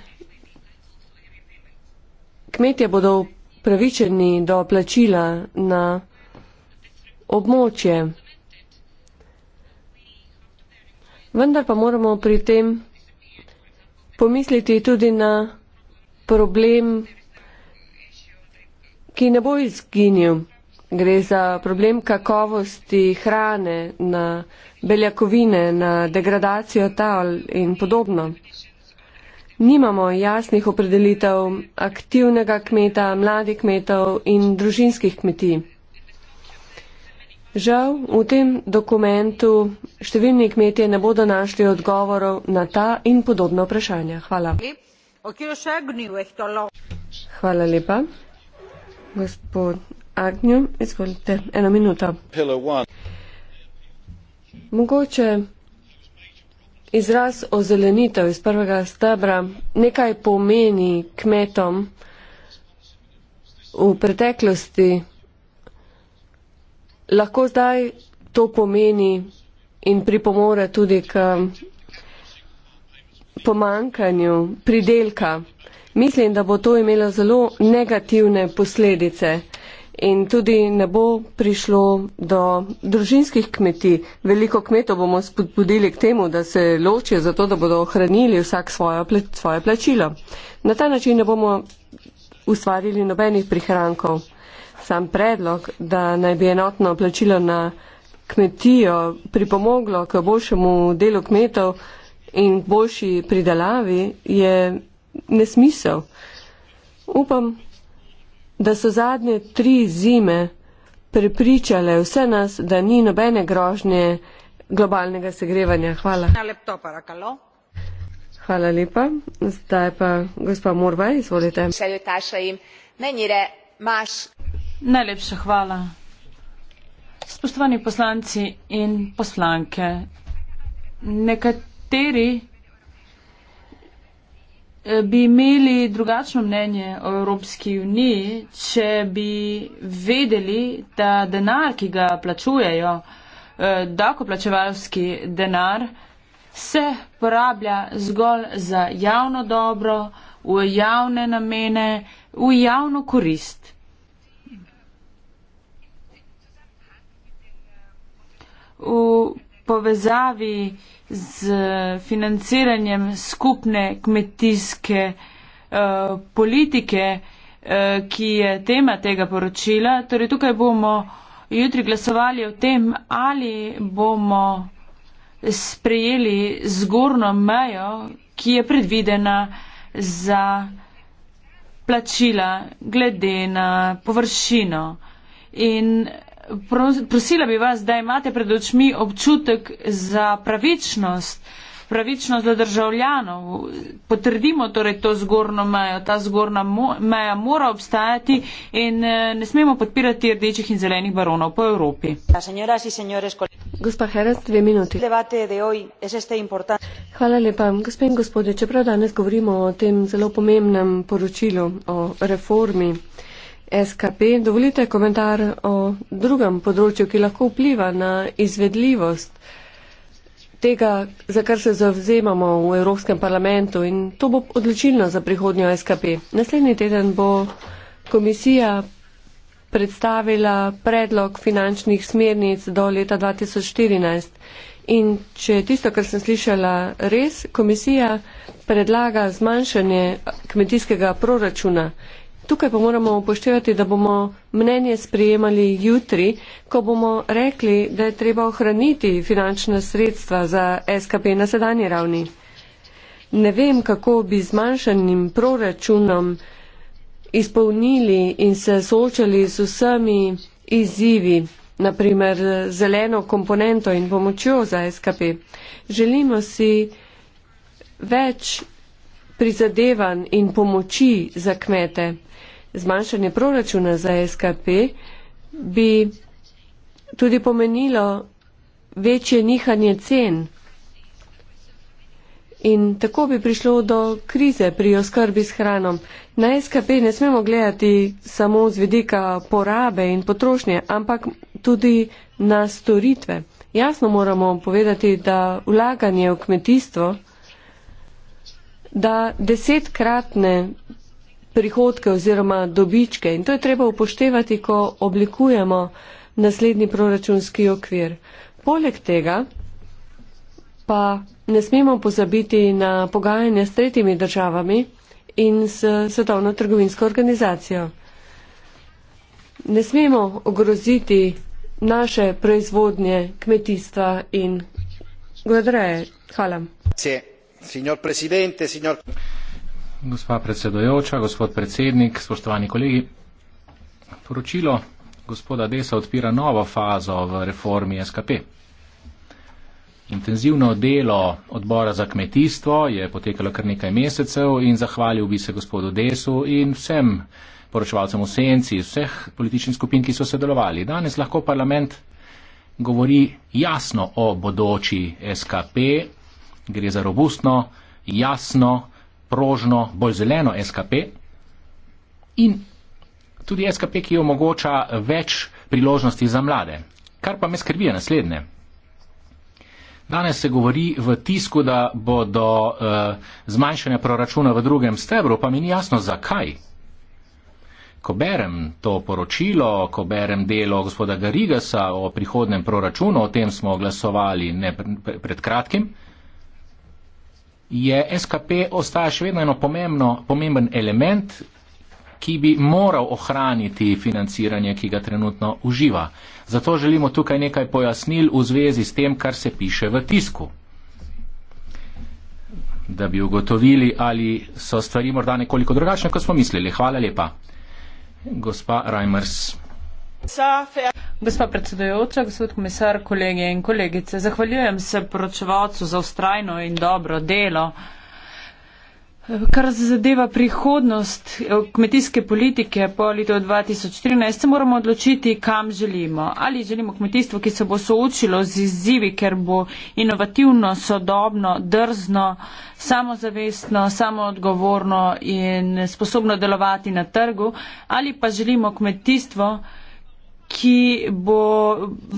kmetje bodo pravičeni do plačila na območje. Vendar pa moramo pri tem pomisliti tudi na problem ki ne bo izginil. Gre za problem kakovosti hrane, na beljakovine, na degradacijo tal in podobno. Nimamo jasnih opredelitev aktivnega kmeta, mladih kmetov in družinskih kmetij. Žal v tem dokumentu številni kmetje ne bodo našli odgovorov na ta in podobna vprašanja. Hvala. Hvala lepa. Gospod Agnjo, izvolite, eno minuto. Mogoče izraz ozelenitev iz prvega stebra nekaj pomeni kmetom v preteklosti, lahko zdaj to pomeni in pripomore tudi k pomankanju pridelka. Mislim, da bo to imelo zelo negativne posledice in tudi ne bo prišlo do družinskih kmetij. Veliko kmetov bomo spodbudili k temu, da se ločijo zato, da bodo ohranili vsak svoje, svoje plačilo. Na ta način ne bomo ustvarili nobenih prihrankov. Sam predlog, da naj bi enotno plačilo na kmetijo pripomoglo k boljšemu delu kmetov in boljši pridelavi, je nesmisel. Upam, da so zadnje tri zime prepričale vse nas, da ni nobene grožnje globalnega segrevanja. Hvala. Hvala lepa. Zdaj pa gospa Morva, izvolite. Najlepša hvala. Spoštovani poslanci in poslanke, nekateri bi imeli drugačno mnenje o Evropski uniji, če bi vedeli, da denar, ki ga plačujejo, eh, davkoplačevalski denar, se porablja zgolj za javno dobro, v javne namene, v javno korist. V povezavi z financiranjem skupne kmetijske uh, politike, uh, ki je tema tega poročila. Torej, tukaj bomo jutri glasovali o tem, ali bomo sprejeli zgornjo mejo, ki je predvidena za plačila glede na površino. In prosila bi vas, da imate pred očmi občutek za pravičnost, pravičnost do državljanov. Potrdimo torej to zgornjo mejo. Ta zgornja meja mora obstajati in eh, ne smemo podpirati rdečih in zelenih baronov po Evropi. Gospa Heres, dve minuti. Hvala lepa. Gospe in gospode, čeprav danes govorimo o tem zelo pomembnem poročilu o reformi, SKP. Dovolite komentar o drugem področju, ki lahko vpliva na izvedljivost tega, za kar se zavzemamo v Evropskem parlamentu in to bo odločilno za prihodnjo SKP. Naslednji teden bo komisija predstavila predlog finančnih smernic do leta 2014. In če je tisto, kar sem slišala, res, komisija predlaga zmanjšanje kmetijskega proračuna Tukaj pa moramo upoštevati, da bomo mnenje sprejemali jutri, ko bomo rekli, da je treba ohraniti finančna sredstva za SKP na sedanji ravni. Ne vem, kako bi zmanjšanim proračunom izpolnili in se soočali z vsemi izzivi, naprimer zeleno komponento in pomočjo za SKP. Želimo si več prizadevanj in pomoči za kmete zmanjšanje proračuna za SKP bi tudi pomenilo večje nihanje cen. In tako bi prišlo do krize pri oskrbi s hranom. Na SKP ne smemo gledati samo z vidika porabe in potrošnje, ampak tudi na storitve. Jasno moramo povedati, da vlaganje v kmetijstvo, da desetkratne prihodke oziroma dobičke in to je treba upoštevati, ko oblikujemo naslednji proračunski okvir. Poleg tega pa ne smemo pozabiti na pogajanje s tretjimi državami in s svetovno trgovinsko organizacijo. Ne smemo ogroziti naše proizvodnje kmetijstva in gledreje. Hvala. Signor Presidente, signor... Gospa predsedojoča, gospod predsednik, spoštovani kolegi. Poročilo gospoda Desa odpira novo fazo v reformi SKP. Intenzivno delo odbora za kmetijstvo je potekalo kar nekaj mesecev in zahvalil bi se gospodu Desu in vsem poročevalcem v senci vseh političnih skupin, ki so sodelovali. Danes lahko parlament govori jasno o bodoči SKP, gre za robustno, jasno prožno, bolj zeleno SKP in tudi SKP, ki omogoča več priložnosti za mlade. Kar pa me skrbi je naslednje. Danes se govori v tisku, da bodo eh, zmanjšanja proračuna v drugem stebru, pa mi ni jasno zakaj. Ko berem to poročilo, ko berem delo gospoda Garigasa o prihodnem proračunu, o tem smo glasovali ne pred, pred kratkim, eh, je SKP ostaja še vedno eno pomembno, pomemben element, ki bi moral ohraniti financiranje, ki ga trenutno uživa. Zato želimo tukaj nekaj pojasnil v zvezi s tem, kar se piše v tisku. Da bi ugotovili, ali so stvari morda nekoliko drugačne, kot smo mislili. Hvala lepa. Gospa Reimers. Sa, fe... Gospa predsedujoča, gospod komisar, kolege in kolegice, zahvaljujem se poročevalcu za ustrajno in dobro delo. Kar zadeva prihodnost eh, kmetijske politike po letu 2013, se moramo odločiti, kam želimo. Ali želimo kmetijstvo, ki se bo soočilo z izzivi, ker bo inovativno, sodobno, drzno, samozavestno, samoodgovorno in sposobno delovati na trgu, ali pa želimo kmetijstvo, ki bo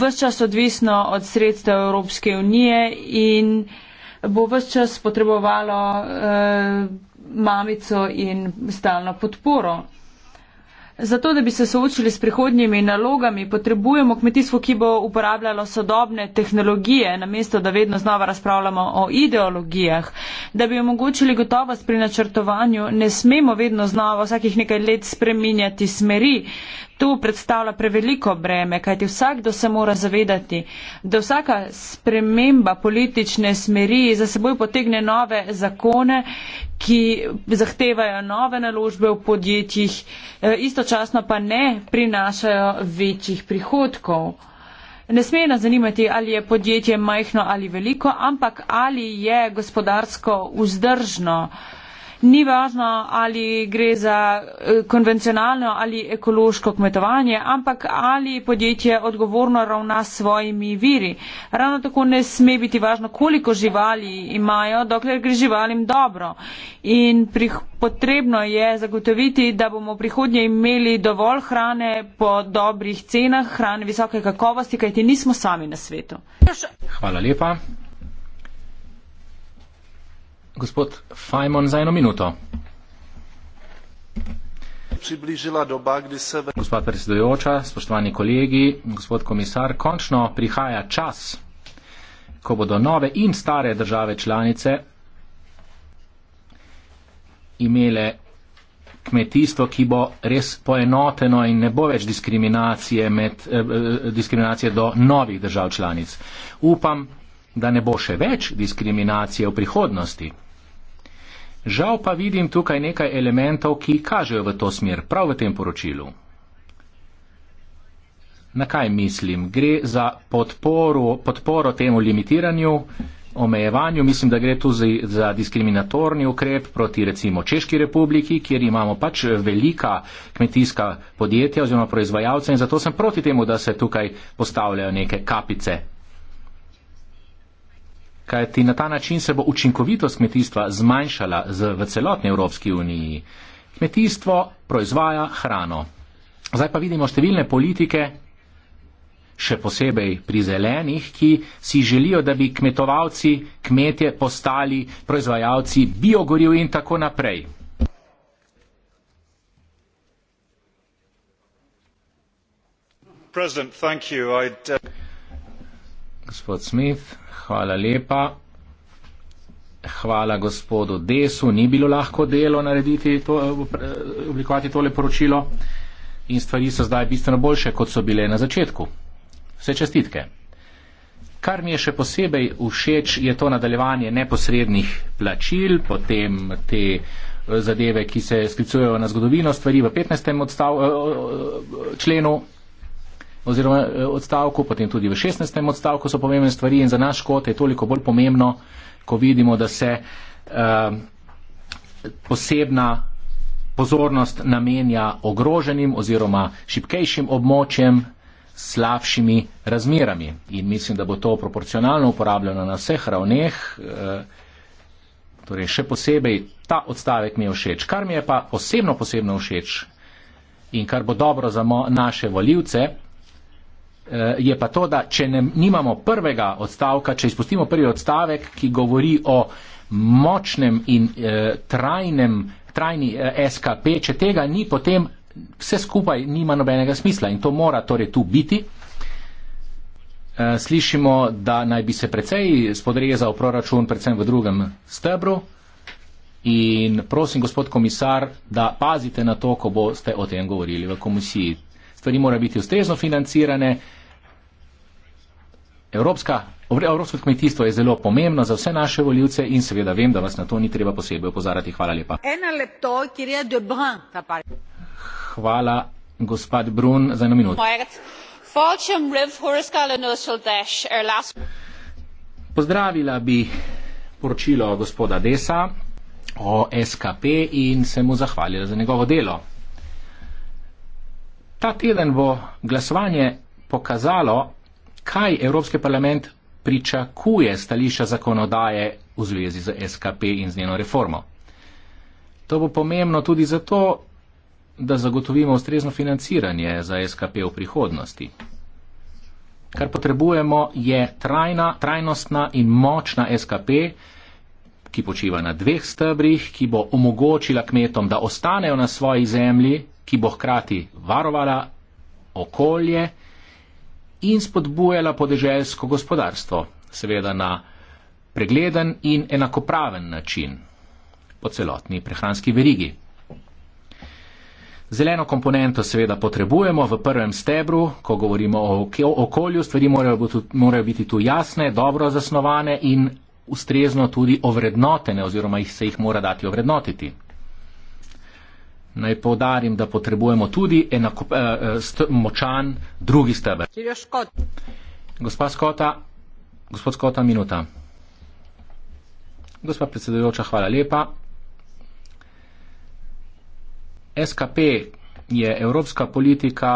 vse čas odvisno od sredstev Evropske unije in bo vse čas potrebovalo uh, mamico in stalno podporo. Zato, da bi se soočili s prihodnjimi nalogami, potrebujemo kmetijstvo, ki bo uporabljalo sodobne tehnologije, namesto da vedno znova razpravljamo o ideologijah. Da bi omogočili gotovost pri načrtovanju, ne smemo vedno znova vsakih nekaj let spreminjati smeri. To predstavlja preveliko breme, kajti vsakdo se mora zavedati, da vsaka sprememba politične smeri za seboj potegne nove zakone, ki zahtevajo nove naložbe v podjetjih. Eh, Istoč istočasno pa ne prinašajo večjih prihodkov. Ne sme nas zanimati, ali je podjetje majhno ali veliko, ampak ali je gospodarsko vzdržno. Uh, ni važno, ali gre za eh, konvencionalno ali ekološko kmetovanje, ampak ali podjetje odgovorno ravna s svojimi viri. Ravno tako ne sme biti važno, koliko živali imajo, dokler gre živalim dobro. In potrebno je zagotoviti, da bomo prihodnje imeli dovolj hrane po dobrih cenah, hrane visoke kakovosti, kajti nismo sami na svetu. Hvala lepa. Gospod Fajmon za eno minuto. Približila doba, kdy se v. Gospa predsedujoča, spoštovani kolegi, gospod komisar, končno prihaja čas, ko bodo nove in stare države članice imele kmetijstvo, ki bo res poenoteno in ne bo več diskriminacije, med, eh, eh diskriminacije do novih držav članic. Upam, da ne bo še več diskriminacije v prihodnosti. Žal pa vidim tukaj nekaj elementov, ki kažejo v to smer, prav v tem poročilu. Na kaj mislim? Gre za podporo, podporo temu limitiranju, omejevanju, mislim, da gre tu za, za diskriminatorni ukrep proti recimo Češki republiki, kjer imamo pač velika kmetijska podjetja oziroma proizvajalce in zato sem proti temu, da se tukaj postavljajo neke kapice kajti na ta način se bo učinkovitost kmetijstva zmanjšala z, v celotni Evropski uniji. Kmetijstvo proizvaja hrano. Zdaj pa vidimo številne politike, še posebej pri zelenih, ki si želijo, da bi kmetovalci, kmetje postali proizvajalci biogoriv in tako naprej. President, thank you. I'd, uh gospod Smith, hvala lepa. Hvala gospodu Desu, ni bilo lahko delo narediti, to, eh, eh, oblikovati tole poročilo in stvari so zdaj bistveno boljše, kot so bile na začetku. Vse čestitke. Kar mi je še posebej všeč, je to nadaljevanje neposrednih plačil, potem te eh, zadeve, ki se sklicujejo na zgodovino, stvari v 15. Odstav, členu oziroma eh, odstavku, potem tudi v 16. odstavku so pomembne stvari in za naš kot je toliko bolj pomembno, ko vidimo, da se eh, posebna pozornost namenja ogroženim oziroma šipkejšim območjem s slabšimi razmerami. In mislim, da bo to proporcionalno uporabljeno na vseh ravneh. Eh, torej, še posebej ta odstavek mi je všeč. Kar mi je pa posebno posebno všeč in kar bo dobro za naše voljivce, Eh, je pa to, da če ne, nimamo prvega odstavka, če izpustimo prvi odstavek, ki govori o močnem in eh, trajnem, trajni eh, SKP, če tega ni, potem vse skupaj nima nobenega smisla in to mora torej tu biti. Eh, slišimo, da naj bi se precej spodrezal proračun, predvsem v drugem stebru. In prosim, gospod komisar, da pazite na to, ko boste o tem govorili v komisiji stvari morajo biti ustrezno financirane. Evropska, evropsko kmetijstvo je zelo pomembno za vse naše voljivce in seveda vem, da vas na to ni treba posebej opozarjati. Hvala lepa. Hvala, gospod Brun, za eno minuto. Pozdravila bi poročilo gospoda Desa o SKP in se mu zahvalila za njegovo delo. Ta teden bo glasovanje pokazalo, kaj Evropski parlament pričakuje stališča zakonodaje v zvezi z SKP in z njeno reformo. To bo pomembno tudi zato, da zagotovimo ustrezno financiranje za SKP v prihodnosti. Kar potrebujemo je trajna, trajnostna in močna SKP, ki počiva na dveh stebrih, ki bo omogočila kmetom, da ostanejo na svoji zemlji ki bo hkrati varovala okolje in spodbujala podeželsko gospodarstvo, seveda na pregleden in enakopraven način po celotni prehranski verigi. Zeleno komponento seveda potrebujemo v prvem stebru, ko govorimo o okolju, stvari morajo biti, morajo biti tu jasne, dobro zasnovane in ustrezno tudi ovrednotene oziroma jih se jih mora dati ovrednotiti. Naj povdarim, da potrebujemo tudi enako, eh, eh, st močan drugi steber. Gospa Skota, gospod Skota, minuta. Gospa predsedujoča, hvala lepa. SKP je evropska politika,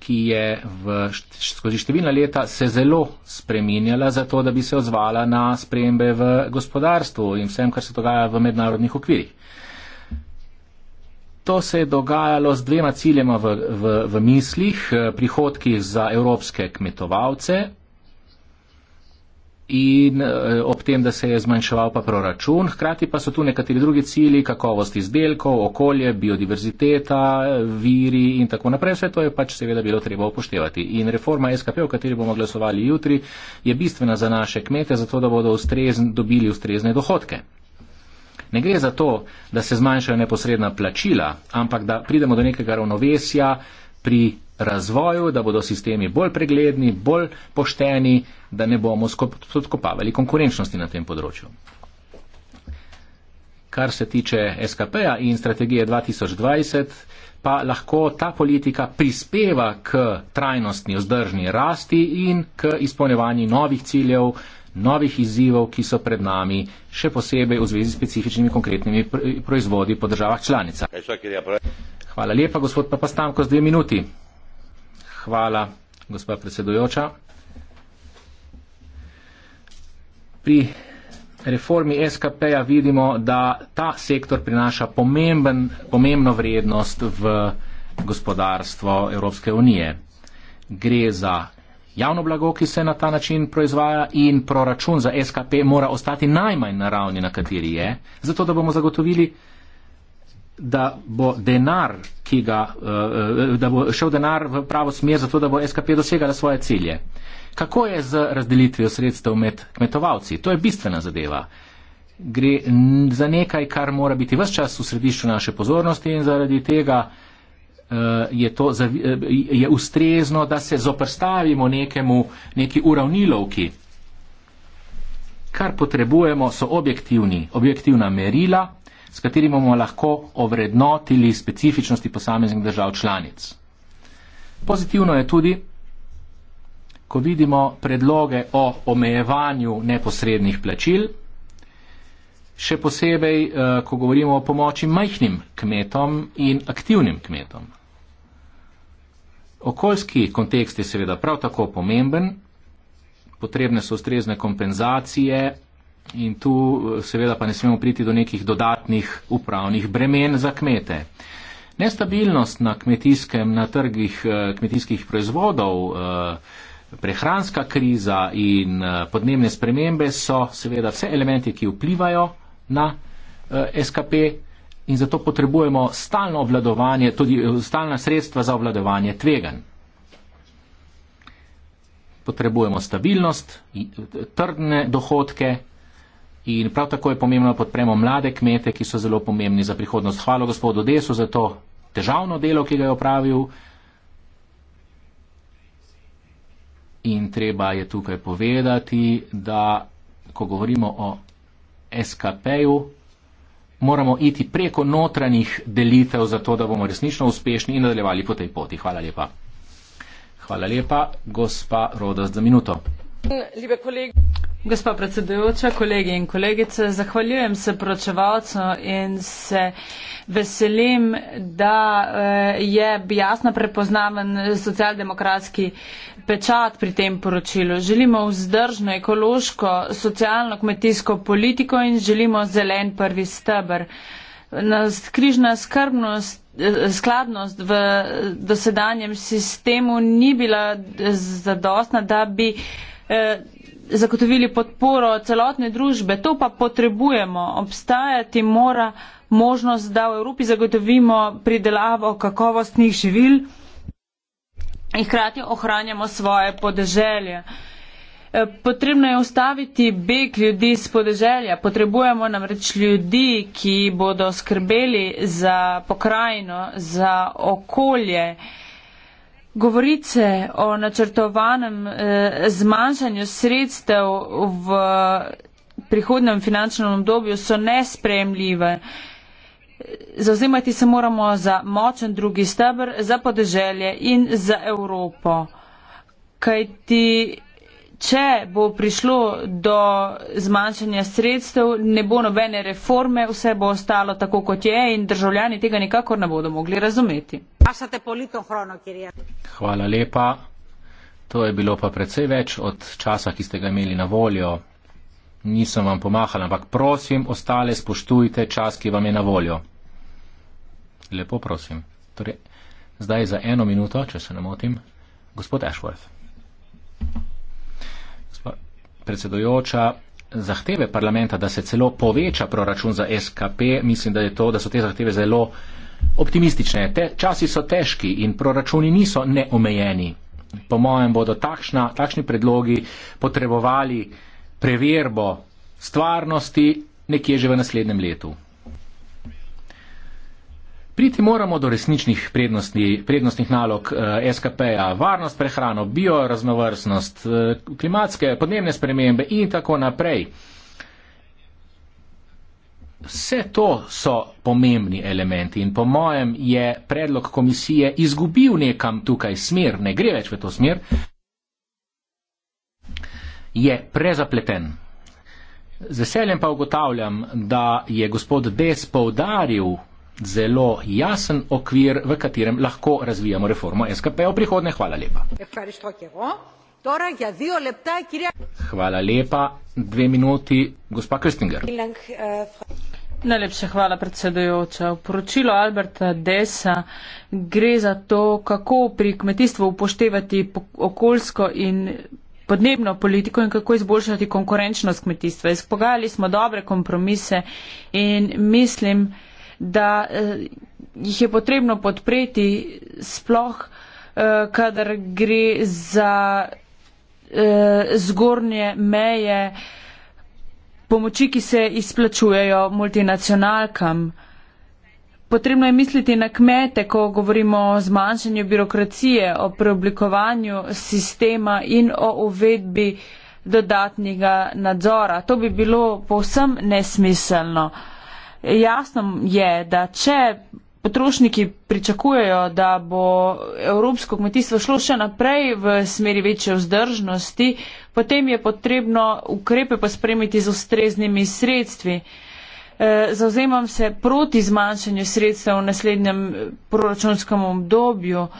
ki je v, skozi številna leta se zelo spreminjala za to, da bi se odzvala na spremembe v gospodarstvu in vsem, kar se dogaja v mednarodnih okvirih. To se je dogajalo z dvema ciljema v, v, v mislih, eh, prihodki za evropske kmetovalce in eh, ob tem, da se je zmanjševal pa proračun. Hkrati pa so tu nekateri drugi cili, kakovost izdelkov, okolje, biodiverziteta, eh, viri in tako naprej. Vse to je pač seveda bilo treba upoštevati. In reforma SKP, o kateri bomo glasovali jutri, je bistvena za naše kmete, zato da bodo ustrezn, dobili ustrezne dohodke. Ne gre za to, da se zmanjšajo neposredna plačila, ampak da pridemo do nekega ravnovesja pri razvoju, da bodo sistemi bolj pregledni, bolj pošteni, da ne bomo skopavali konkurenčnosti na tem področju. Kar se tiče SKP-ja in strategije 2020, pa lahko ta politika prispeva k trajnostni, vzdržni rasti in k izpolnevanju novih ciljev novih izzivov, ki so pred nami, še posebej v zvezi s specifičnimi konkretnimi proizvodi po državah članicah. Hvala lepa, gospod Papastamko, z dve minuti. Hvala, gospa predsedujoča. Pri reformi SKP-ja vidimo, da ta sektor prinaša pomemben, pomembno vrednost v gospodarstvo Evropske unije. Gre za Javno blago, ki se na ta način proizvaja in proračun za SKP mora ostati najmanj na ravni, na kateri je, zato da bomo zagotovili, da bo denar, ki ga, eh, eh, da bo šel denar v pravo smer, zato da bo SKP dosegala svoje cilje. Kako je z razdelitvijo sredstev med kmetovalci? To je bistvena zadeva. Gre za nekaj, kar mora biti vse čas v središču naše pozornosti in zaradi tega Eh, je, to, eh, je ustrezno, da se zoprstavimo nekemu, neki uravnilovki. Kar potrebujemo, so objektivni, objektivna merila, s katerimi bomo lahko ovrednotili specifičnosti posameznih držav članic. Pozitivno je tudi, ko vidimo predloge o omejevanju neposrednih plačil, še posebej, eh, ko govorimo o pomoči majhnim kmetom in aktivnim kmetom. Okoljski kontekst je seveda prav tako pomemben, potrebne so ustrezne kompenzacije in tu eh, seveda pa ne smemo priti do nekih dodatnih upravnih bremen za kmete. Nestabilnost na kmetijskem, na trgih eh, kmetijskih proizvodov, eh, prehranska kriza in podnebne spremembe so seveda vse elementi, ki vplivajo na SKP in zato potrebujemo stalno obvladovanje, tudi eh, stalna sredstva za obvladovanje tvegan. Potrebujemo stabilnost, eh, trdne dohodke in prav tako je pomembno podpremo mlade kmete, ki so zelo pomembni za prihodnost. Hvala gospodu Desu za to težavno delo, ki ga je opravil. In treba je tukaj povedati, da ko govorimo o SKP-ju, moramo iti preko notranjih delitev, zato da bomo resnično uspešni in nadaljevali po tej poti. Hvala lepa. Hvala lepa, gospa Roda, za minuto. Liebe Kollegen. Gospa predsedujoča, kolegi in kolegice, zahvaljujem se pročevalcu in se veselim, da eh, je jasno prepoznaven socialdemokratski pečat pri tem poročilu. Želimo vzdržno ekološko, socialno, kmetijsko politiko in želimo zelen prvi stebr. Nas križna skrbnost, eh, skladnost v dosedanjem sistemu ni bila zadostna, da bi eh, zagotovili podporo celotne družbe. To pa potrebujemo. Obstajati mora možnost, da v Evropi zagotovimo pridelavo kakovostnih živil in hkrati ohranjamo svoje podeželje. E, potrebno je ustaviti beg ljudi z podeželja. Potrebujemo namreč ljudi, ki bodo skrbeli za pokrajino, za okolje. Govorice o načrtovanem eh, zmanjšanju sredstev v prihodnem finančnem obdobju so nespremljive. Zauzemati se moramo za močen drugi stebr, za podeželje in za Evropo. Kaj ti, če bo prišlo do zmanjšanja sredstev, ne bo nobene reforme, vse bo ostalo tako, kot je in državljani tega nikakor ne bodo mogli razumeti. Pasate polito hrono, kjer je. Hvala lepa. To je bilo pa precej več od časa, ki ste ga imeli na voljo. Nisem vam pomahala, ampak prosim, ostale spoštujte čas, ki vam je na voljo. Lepo prosim. Torej, zdaj za eno minuto, če se ne motim, gospod Ashworth. Predsedujoča, zahteve parlamenta, da se celo poveča proračun za SKP, mislim, da, to, da so te zahteve zelo optimistične. Te, časi so težki in proračuni niso neomejeni. Po mojem bodo takšna, takšni predlogi potrebovali preverbo stvarnosti nekje že v naslednjem letu. Priti moramo do resničnih prednostnih nalog eh, SKP-ja, varnost prehrano, bioraznovrstnost, eh, klimatske, podnebne spremembe in tako naprej. Vse to so pomembni elementi in po mojem je predlog komisije izgubil nekam tukaj smer, ne gre več v to smer, je prezapleten. Z veseljem pa ugotavljam, da je gospod Des povdaril zelo jasen okvir, v katerem lahko razvijamo reformo SKP v prihodnje. Hvala lepa. Hvala lepa. Dve minuti, gospa Kristinger. Najlepša hvala, predsedujoča. V poročilo Alberta Desa gre za to, kako pri kmetijstvu upoštevati okoljsko in podnebno politiko in kako izboljšati konkurenčnost kmetijstva. Izpogajali smo dobre kompromise in mislim, da eh, jih je potrebno podpreti sploh, eh, kadar gre za eh, zgornje meje pomoči, ki se izplačujejo multinacionalkam. Potrebno je misliti na kmete, ko govorimo o zmanjšanju birokracije, o preoblikovanju sistema in o uvedbi dodatnega nadzora. To bi bilo povsem nesmiselno. Jasno je, da če potrošniki pričakujejo, da bo evropsko kmetijstvo šlo še naprej v smeri večje vzdržnosti, potem je potrebno ukrepe pa spremiti z ustreznimi sredstvi. E, Zauzemam se proti zmanjšanju sredstev v naslednjem e, proračunskem obdobju. E,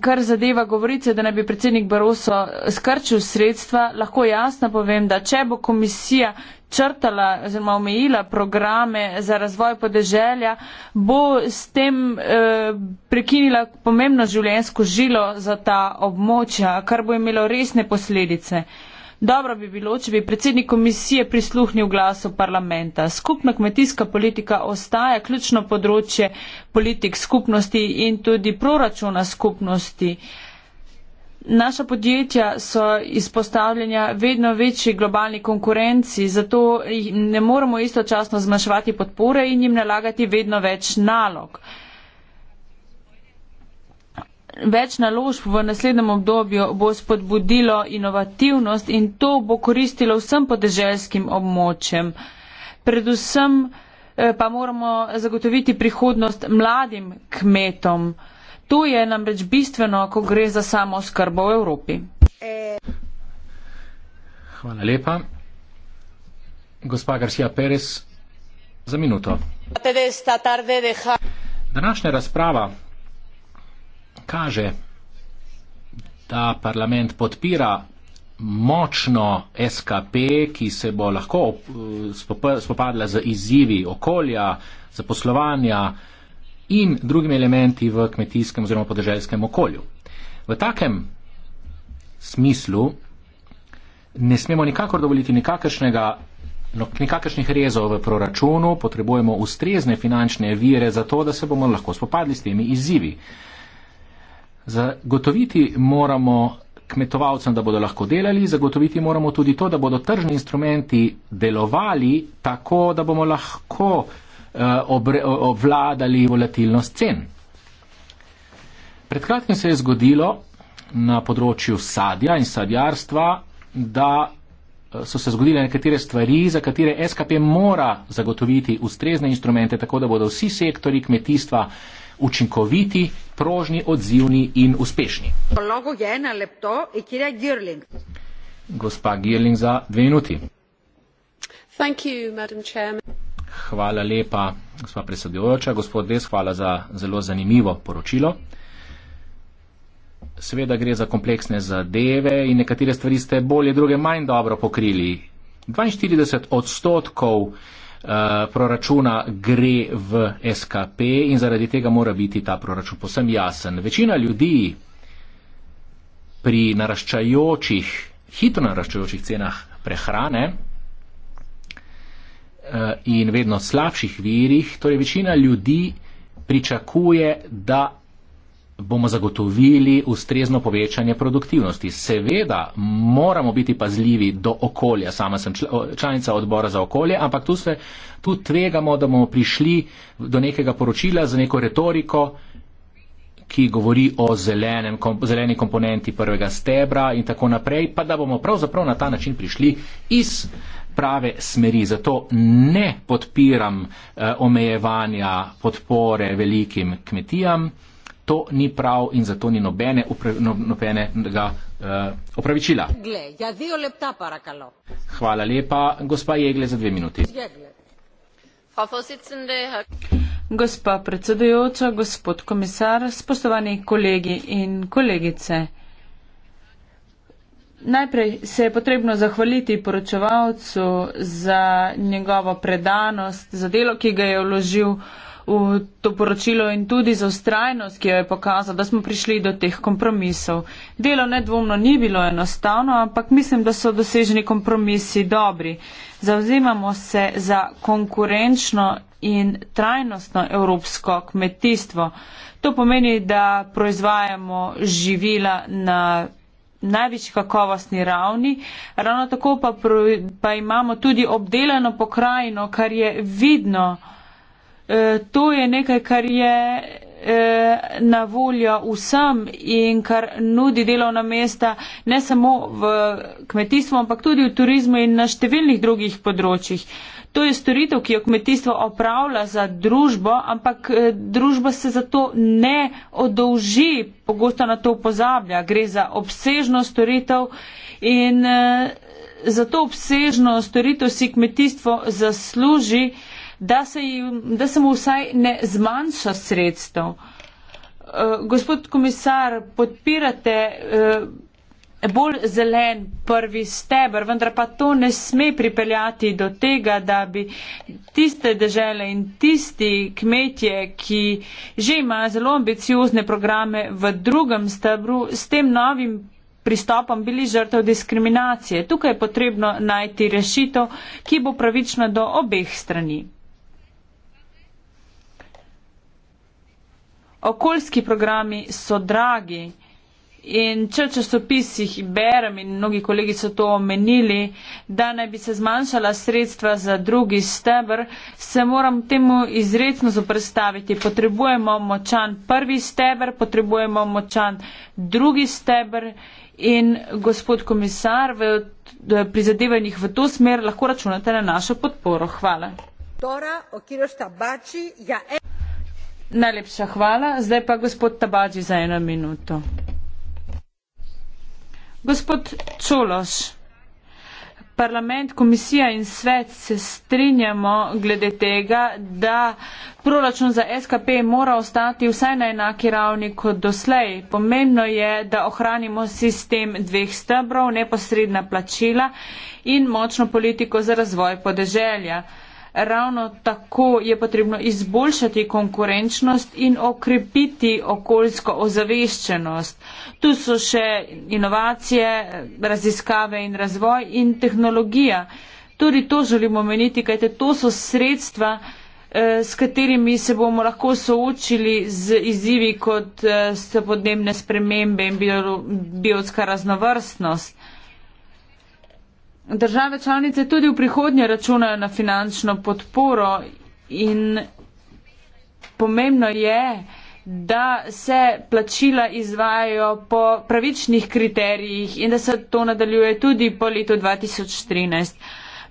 kar zadeva govorice, da naj bi predsednik Baroso skrčil sredstva, lahko jasno povem, da če bo komisija črtala oziroma omejila programe za razvoj podeželja, bo s tem eh, prekinila pomembno življensko žilo za ta območja, kar bo imelo resne posledice. Dobro bi bilo, če bi predsednik komisije prisluhnil glasu parlamenta. Skupna kmetijska politika ostaja ključno področje politik skupnosti in tudi proračuna skupnosti. Eh, Naša podjetja so izpostavljena vedno večji globalni konkurenci, zato ne moremo istočasno zmanjševati podpore in jim nalagati vedno več nalog. Več naložb v naslednjem obdobju bo spodbudilo inovativnost in to bo koristilo vsem podeželskim območjem. Predvsem eh, pa moramo zagotoviti prihodnost mladim kmetom. To je namreč bistveno, ko gre za samo skrbo v Evropi. Hvala lepa. Gospa Garcia Perez, za minuto. Današnja razprava kaže, da parlament podpira močno SKP, ki se bo lahko eh, spopadla z izzivi okolja, zaposlovanja, in drugimi elementi v kmetijskem oziroma podeželskem okolju. V takem smislu ne smemo nikakor dovoliti nikakršnega. No, nekakšnih rezov v proračunu potrebujemo ustrezne finančne vire za to, da se bomo lahko spopadli s temi izzivi. Zagotoviti moramo kmetovalcem, da bodo lahko delali, zagotoviti moramo tudi to, da bodo tržni instrumenti delovali tako, da bomo lahko Eh, obre, obvladali volatilnost cen. Pred kratkim se je zgodilo na področju sadja in sadjarstva, da eh, so se zgodile nekatere stvari, za katere SKP mora zagotoviti ustrezne instrumente, tako da bodo vsi sektori kmetijstva učinkoviti, prožni, odzivni in uspešni. Gospa Girling za dve minuti. Thank you, Madam Chairman. Hvala lepa, gospa predsedujoča. Gospod Des, hvala za zelo zanimivo poročilo. Sveda gre za kompleksne zadeve in nekatere stvari ste bolje, druge manj dobro pokrili. 42 odstotkov uh, proračuna gre v SKP in zaradi tega mora biti ta proračun posem jasen. Večina ljudi pri naraščajočih, hitro naraščajočih cenah prehrane Eh, in vedno slabših virih, torej večina ljudi pričakuje, da bomo zagotovili ustrezno povečanje produktivnosti. Seveda moramo biti pazljivi do okolja, sama sem članica odbora za okolje, ampak tu, se, tu tvegamo, da bomo prišli do nekega poročila za neko retoriko, ki govori o zelenem, kom, zeleni komponenti prvega stebra in tako naprej, pa da bomo pravzaprav na ta način prišli iz uh, prave smeri. Zato ne podpiram eh, omejevanja podpore velikim kmetijam. To ni prav in zato ni nobene no, nobenega eh, opravičila. Ja, Hvala lepa, gospa Jegle, za dve minuti. Gospa predsedujoča, gospod komisar, spoštovani kolegi in kolegice. Najprej se je potrebno zahvaliti poročevalcu za njegovo predanost, za delo, ki ga je vložil v to poročilo in tudi za ustrajnost, ki jo je pokazal, da smo prišli do teh kompromisov. Delo nedvomno ni bilo enostavno, ampak mislim, da so doseženi kompromisi dobri. Zavzemamo se za konkurenčno in trajnostno evropsko kmetijstvo. To pomeni, da proizvajamo živila na največji kakovostni ravni. Ravno tako pa, pro, pa imamo tudi obdelano pokrajino, kar je vidno. E, to je nekaj, kar je e, na voljo vsem in kar nudi delovna mesta ne samo v kmetijstvu, ampak tudi v turizmu in na številnih drugih področjih. E, to je storitev, ki jo kmetijstvo opravlja za družbo, ampak eh, družba se za to ne odolži, pogosto na to pozablja. Gre za obsežno storitev in eh, za to obsežno storitev si kmetijstvo zasluži, da se, jim, da se mu vsaj ne zmanjša sredstev. Eh, gospod komisar, podpirate bolj zelen prvi stebr, vendar pa to ne sme pripeljati do tega, da bi tiste države in tisti kmetje, ki že imajo zelo ambiciozne programe v drugem stebru, s tem novim pristopom bili žrtev diskriminacije. Tukaj je potrebno najti rešitev, ki bo pravična do obeh strani. Okoljski programi so dragi. In če v časopisih berem in mnogi kolegi so to omenili, da naj bi se zmanjšala sredstva za drugi stebr, se moram temu izredno zoprstaviti. Potrebujemo močan prvi stebr, potrebujemo močan drugi stebr in gospod komisar v prizadevanjih v to smer lahko računate na našo podporo. Hvala. Ja, e- Najlepša hvala. Zdaj pa gospod Tabači za eno minuto. Gospod Čološ, parlament, komisija in svet se strinjamo glede tega, da proračun za SKP mora ostati vsaj na enaki ravni kot doslej. Pomembno je, da ohranimo sistem dveh stebrov, neposredna plačila in močno politiko za razvoj podeželja. Ravno tako je potrebno izboljšati konkurenčnost in okrepiti okoljsko ozaveščenost. Tu so še inovacije, raziskave in razvoj in tehnologija. Tudi to želimo meniti, kajte to so sredstva, eh, s katerimi se bomo lahko soočili z izzivi kot eh, so podnebne spremembe in biotska raznovrstnost. Države članice tudi v prihodnje računajo na finančno podporo in pomembno je, da se plačila izvajajo po pravičnih kriterijih in da se to nadaljuje tudi po letu 2013.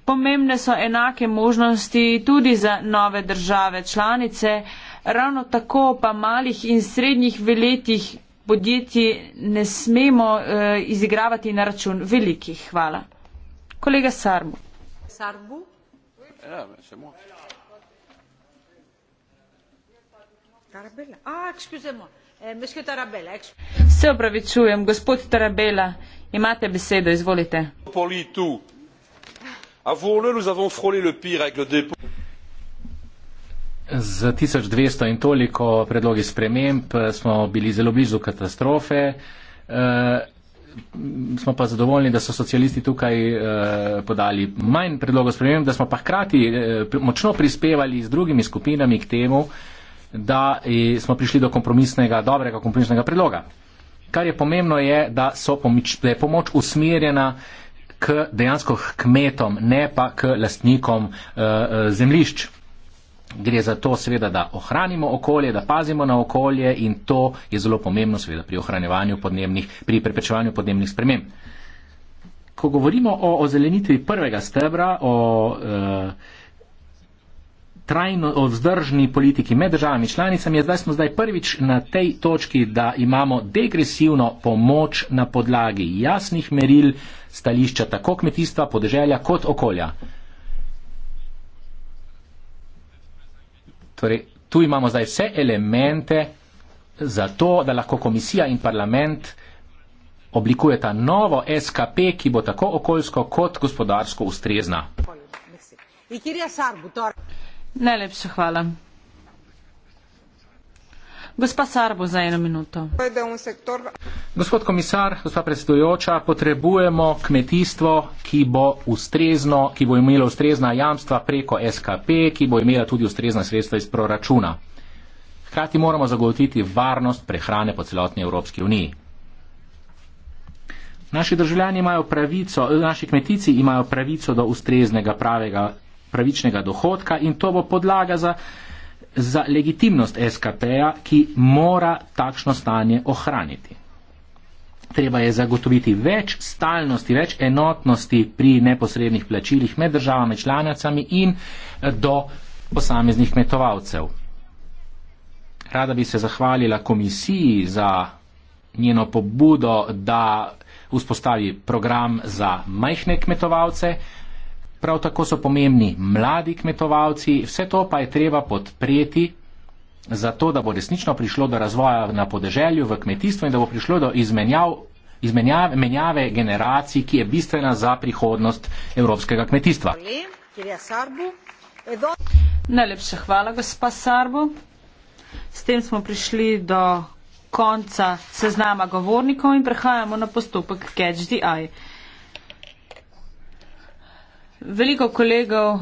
Pomembne so enake možnosti tudi za nove države članice, ravno tako pa malih in srednjih veletih podjetij ne smemo eh, izigravati na račun velikih. Hvala. Ja, ja, e, se opravičujem gospod tarabella imate besedo izvolite za tisoč dvesto in toliko predlogi sprememb eh, smo bili zelo blizu katastrofe eh, smo pa zadovoljni, da so socialisti tukaj eh, podali manj predlogov sprememb, da smo pa hkrati eh, močno prispevali z drugimi skupinami k temu, da eh, smo prišli do kompromisnega, dobrega kompromisnega predloga. Kar je pomembno je, da, pomič, da je pomoč usmerjena k dejansko kmetom, ne pa k lastnikom eh, eh zemlišč gre za to, seveda, da ohranimo okolje, da pazimo na okolje in to je zelo pomembno, seveda, pri ohranjevanju podnebnih, pri preprečevanju podnebnih sprememb. Ko govorimo o ozelenitvi prvega stebra, o eh, trajno vzdržni politiki med državami članicami, je, zdaj smo zdaj prvič na tej točki, da imamo degresivno pomoč na podlagi jasnih meril stališča tako kmetijstva, podeželja kot okolja. Torej, tu imamo zdaj vse elemente za to, da lahko komisija in parlament oblikujeta novo SKP, ki bo tako okoljsko kot gospodarsko ustrezna. Najlepša hvala. Gospa Sarbo za eno minuto. Gospod komisar, gospa predsedujoča, potrebujemo kmetijstvo, ki bo ustrezno, ki bo imelo ustrezna jamstva preko SKP, ki bo imela tudi ustrezna sredstva iz proračuna. Hkrati moramo zagotoviti varnost prehrane po celotni Evropski uniji. Naši državljani imajo pravico, eh, naši kmetici imajo pravico do ustreznega, pravega, pravičnega dohodka in to bo podlaga za za legitimnost SKP-ja, ki mora takšno stanje ohraniti. Treba je zagotoviti več stalnosti, več enotnosti pri neposrednih plačilih med državami članicami in eh, do posameznih metovalcev. Rada bi se zahvalila komisiji za njeno pobudo, da vzpostavi program za majhne kmetovalce prav tako so pomembni mladi kmetovalci, vse to pa je treba podpreti, zato da bo resnično prišlo do razvoja na podeželju, v kmetijstvu in da bo prišlo do izmenjav, izmenjave menjave generacij, ki je bistvena za prihodnost evropskega kmetijstva. Najlepša hvala, gospa Sarbo. S tem smo prišli do konca seznama govornikov in prehajamo na postopek Catch the Eye. Veliko kolegov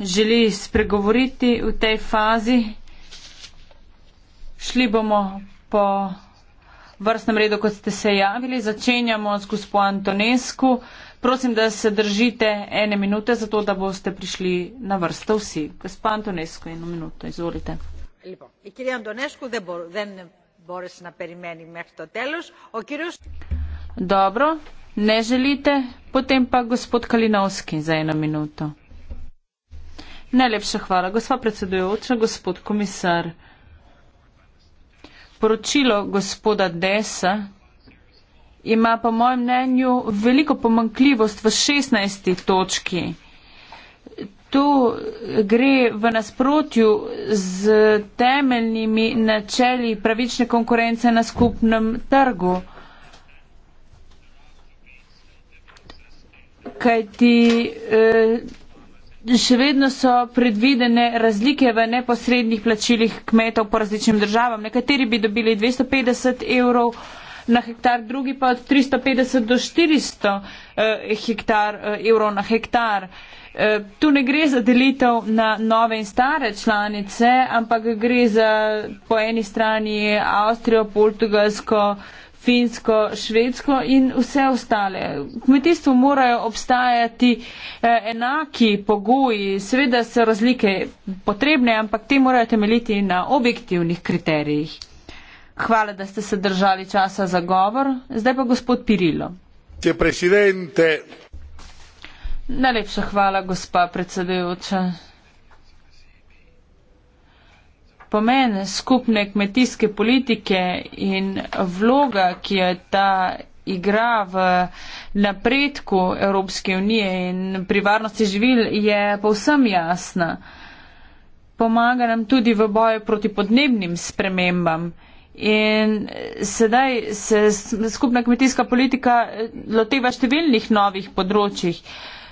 želi spregovoriti v tej fazi. Šli bomo po vrstnem redu, kot ste se javili. Začenjamo s gospod Antonesku. Prosim, da se držite ene minute, zato da boste prišli na vrsto vsi. Gospod Antonesku, eno minuto, izvolite. Dobro. Ne želite? Potem pa gospod Kalinovski za eno minuto. Najlepša hvala, gospa predsedujoča, gospod komisar. Poročilo gospoda Desa ima po mojem mnenju veliko pomankljivost v 16. točki. Tu gre v nasprotju z temeljnimi načeli pravične konkurence na skupnem trgu. kaj ti eh, še vedno so predvidene razlike v neposrednih plačilih kmetov po različnim državam. Nekateri bi dobili 250 evrov na hektar, drugi pa od 350 do 400 eh, hektar, eh, evrov na hektar. Eh, tu ne gre za delitev na nove in stare članice, ampak gre za po eni strani Avstrijo, Portugalsko, eh, Finsko, Švedsko in vse ostale. V kmetijstvu morajo obstajati eh, enaki pogoji, seveda so razlike potrebne, ampak te morajo temeljiti na objektivnih kriterijih. Hvala, da ste se držali časa za govor. Zdaj pa gospod Pirilo. Najlepša hvala, gospa predsedujoča pomen skupne kmetijske politike in vloga, ki jo ta igra v napredku Evropske unije in pri varnosti živil, je povsem jasna. Pomaga nam tudi v boju proti podnebnim spremembam. In sedaj se skupna kmetijska politika loteva številnih novih področjih.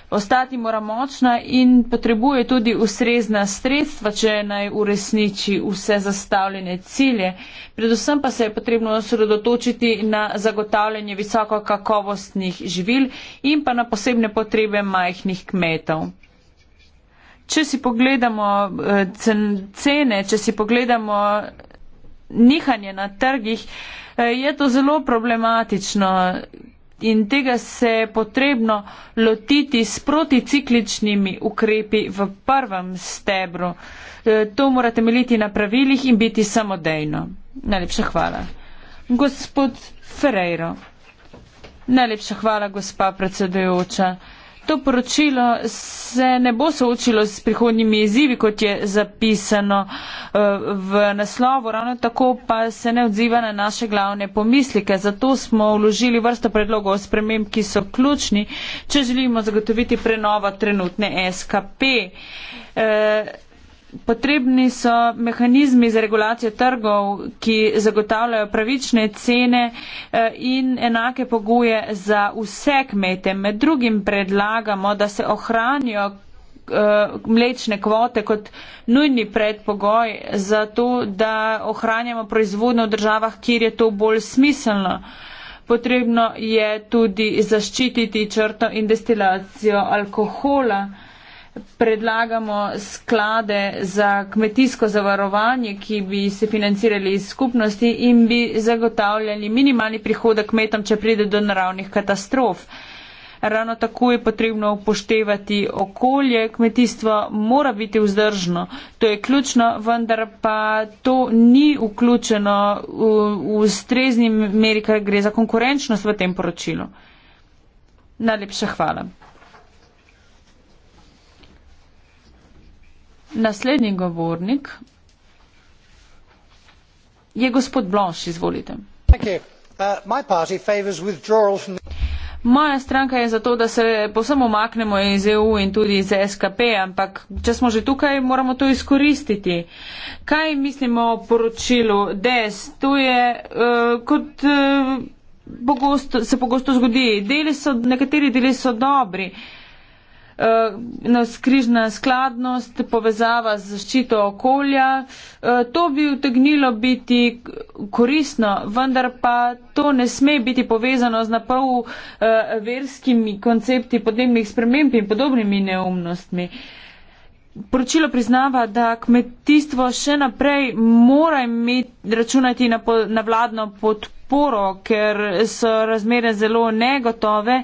Ostati mora močna in potrebuje tudi ustrezna sredstva, če naj uresniči vse zastavljene cilje. Predvsem pa se je potrebno osredotočiti na zagotavljanje visoko kakovostnih živil in pa na posebne potrebe majhnih kmetov. Če si pogledamo eh, cene, če si pogledamo nihanje na trgih, eh, je to zelo problematično in tega se je potrebno lotiti s proticikličnimi ukrepi v prvem stebru. E, to mora temeljiti na pravilih in biti samodejno. Najlepša hvala. Gospod Ferreiro. Najlepša hvala, gospa predsedujoča to poročilo se ne bo soočilo s prihodnjimi izzivi, kot je zapisano eh, v naslovu, ravno tako pa se ne odziva na naše glavne pomislike. Zato smo vložili vrsto predlogov o sprememb, ki so ključni, če želimo zagotoviti prenova trenutne SKP. E, eh, Potrebni so mehanizmi za regulacijo trgov, ki zagotavljajo pravične cene eh, in enake pogoje za vse kmete. Med drugim predlagamo, da se ohranijo eh, mlečne kvote kot nujni predpogoj za to, da ohranjamo proizvodno v državah, kjer je to bolj smiselno. Potrebno je tudi zaščititi črto in destilacijo alkohola predlagamo sklade za kmetijsko zavarovanje, ki bi se financirali iz skupnosti in bi zagotavljali minimalni prihodek kmetom, če pride do naravnih katastrof. Ravno tako je potrebno upoštevati okolje, kmetijstvo mora biti vzdržno, to je ključno, vendar pa to ni vključeno v ustrezni meri, ker gre za konkurenčnost v tem poročilu. Najlepša hvala. Naslednji govornik je gospod Blanš, izvolite. Uh, Moja stranka je zato, da se posebno omaknemo iz EU in tudi iz SKP, ampak če smo že tukaj, moramo to izkoristiti. Kaj mislimo o poročilu DES? To je uh, kot. Uh, Pogosto, se pogosto zgodi. Deli so, nekateri deli so dobri, uh, Eh, na skrižna skladnost, povezava z zaščito okolja. Eh, to bi utegnilo biti korisno, vendar pa to ne sme biti povezano z napol eh, verskimi koncepti podnebnih sprememb in podobnimi neumnostmi. Poročilo priznava, da kmetijstvo še naprej mora imeti računati na, po, na vladno podporo, ker so razmere zelo negotove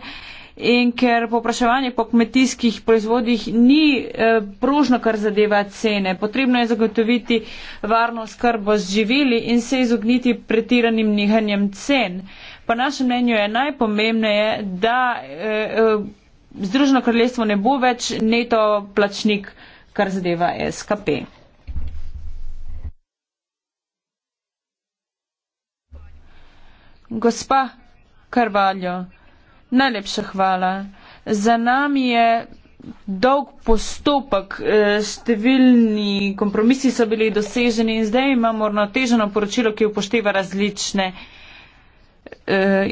in ker popraševanje po kmetijskih proizvodih ni eh, prožno, kar zadeva cene. Potrebno je zagotoviti varno skrbo z živili in se izogniti pretiranim nihanjem cen. Po našem mnenju je najpomembneje, da eh, eh, Združeno kraljestvo ne bo več neto plačnik, kar zadeva SKP. Gospa Karvaljo. Najlepša hvala. Za nami je dolg postopek, e, številni kompromisi so bili doseženi in zdaj imamo uravnoteženo poročilo, ki upošteva različne e,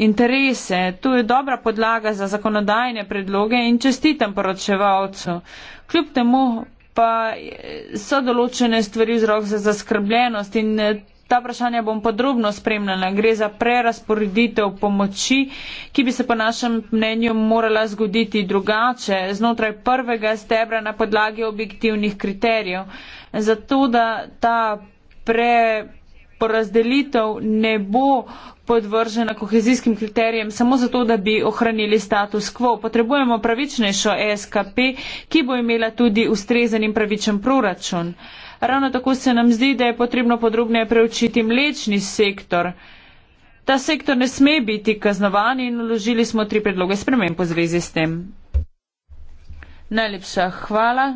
interese. Tu je dobra podlaga za zakonodajne predloge in čestitam poročevalcu. Kljub temu pa so določene stvari vzrok za zaskrbljenost in e, Ta vprašanja bom podrobno spremljala. Gre za prerasporeditev pomoči, ki bi se po našem mnenju morala zgoditi drugače, znotraj prvega stebra na podlagi objektivnih kriterijev. Zato, da ta preporazdelitev ne bo podvržena kohezijskim kriterijem samo zato, da bi ohranili status quo. Potrebujemo pravičnejšo SKP, ki bo imela tudi ustrezen in pravičen proračun. Ravno tako se nam zdi, da je potrebno podrobneje preučiti mlečni sektor. Ta sektor ne sme biti kaznovan in vložili smo tri predloge sprememb v zvezi s tem. Najlepša hvala.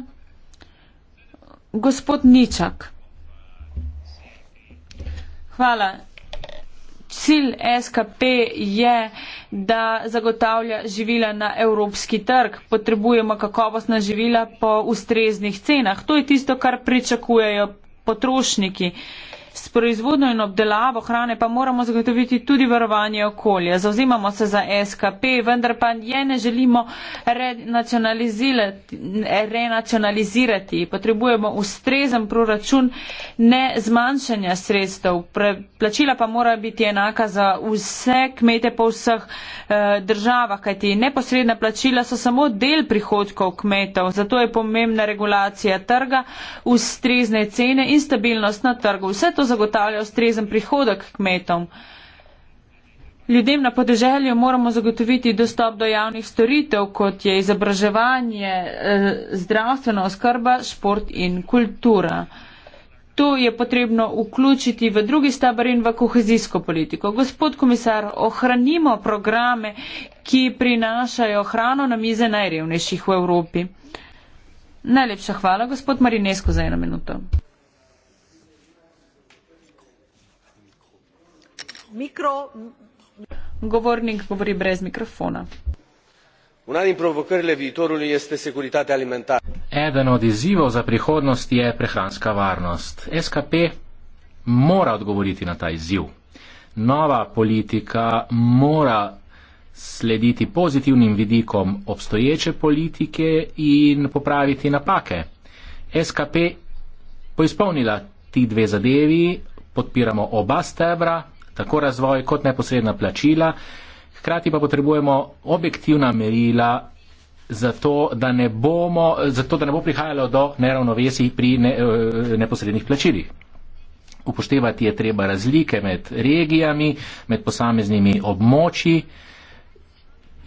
Gospod Ničak. Hvala cilj SKP je, da zagotavlja živila na evropski trg. Potrebujemo kakovostna živila po ustreznih cenah. To je tisto, kar pričakujejo potrošniki. S proizvodno in obdelavo hrane pa moramo zagotoviti tudi varovanje okolja. Zauzimamo se za SKP, vendar pa je ne želimo renacionalizirati. Potrebujemo ustrezen proračun, ne zmanjšanja sredstev. Plačila pa mora biti enaka za vse kmete po vseh eh, državah, kajti neposredna plačila so samo del prihodkov kmetov. Zato je pomembna regulacija trga, ustrezne cene in stabilnost na trgu. Vse to zagotavlja ustrezen prihodek kmetom. Ljudem na podeželju moramo zagotoviti dostop do javnih storitev, kot je izobraževanje, eh, zdravstvena oskrba, šport in kultura. To je potrebno vključiti v drugi stabar in v kohezijsko politiko. Gospod komisar, ohranimo programe, ki prinašajo hrano na mize najrevnejših v Evropi. Najlepša hvala, gospod Marinesko, za eno minuto. eden od izzivov za prihodnost je prehranska varnost. SKP mora odgovoriti na ta izziv. Nova politika mora slediti pozitivnim vidikom obstoječe politike in popraviti napake. SKP poizpolnila ti dve zadevi, podpiramo oba stebra, tako razvoj kot neposredna plačila. Hkrati pa potrebujemo objektivna merila, zato da ne, bomo, zato, da ne bo prihajalo do neravnovesij pri ne, eh, neposrednih plačilih. Upoštevati je treba razlike med regijami, med posameznimi območji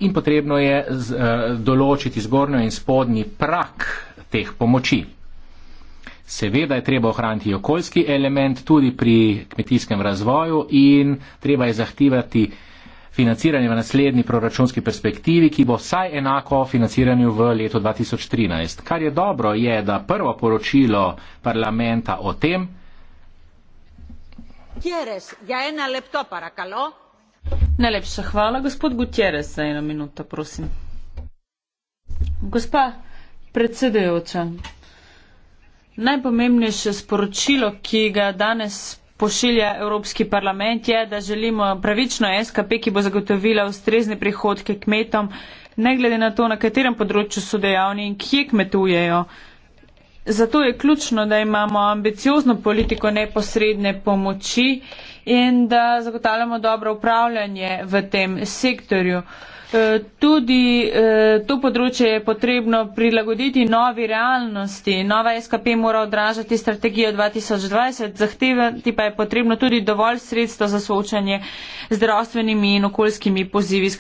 in potrebno je z, eh, določiti zgornjo in spodnji prak teh pomoči. Seveda je treba ohraniti okoljski element tudi pri kmetijskem razvoju in treba je zahtevati financiranje v naslednji proračunski perspektivi, ki bo vsaj enako financiranju v letu 2013. Kar je dobro, je, da prvo poročilo parlamenta o tem. Ja Najlepša hvala, gospod Gutierrez, za eno minuto, prosim. Gospa predsedujoča, Najpomembnejše sporočilo, ki ga danes pošilja Evropski parlament, je, da želimo pravično SKP, ki bo zagotovila ustrezne prihodke kmetom, ne glede na to, na katerem področju so dejavni in kje kmetujejo. Zato je ključno, da imamo ambiciozno politiko neposredne pomoči in da zagotavljamo dobro upravljanje v tem sektorju. Uh, Eh, tudi eh, to področje je potrebno prilagoditi novi realnosti. Nova SKP mora odražati strategijo 2020, zahtevati pa je potrebno tudi dovolj sredstva za soočanje z zdravstvenimi in okoljskimi pozivi,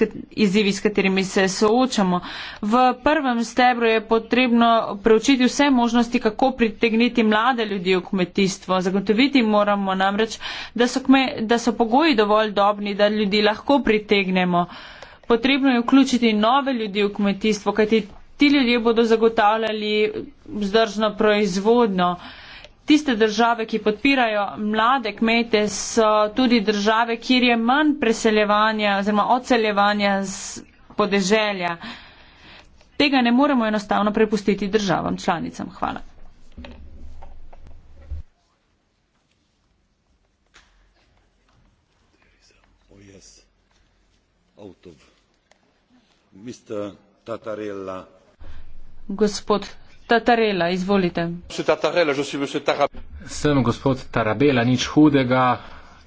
izzivi, s katerimi se soočamo. V prvem stebru je potrebno preučiti vse možnosti, kako pritegniti mlade ljudi v kmetijstvo. Zagotoviti moramo namreč, da so, kme, da so pogoji dovolj dobni, da ljudi lahko pritegnemo potrebno je vključiti nove ljudi v kmetijstvo, kajti ti ljudje bodo zagotavljali vzdržno proizvodno. Tiste države, ki podpirajo mlade kmete, so tudi države, kjer je manj preseljevanja oziroma odseljevanja z podeželja. Tega ne moremo enostavno prepustiti državam članicam. Hvala. gospod tatarella izvolite sem gospod tarabela nič hudega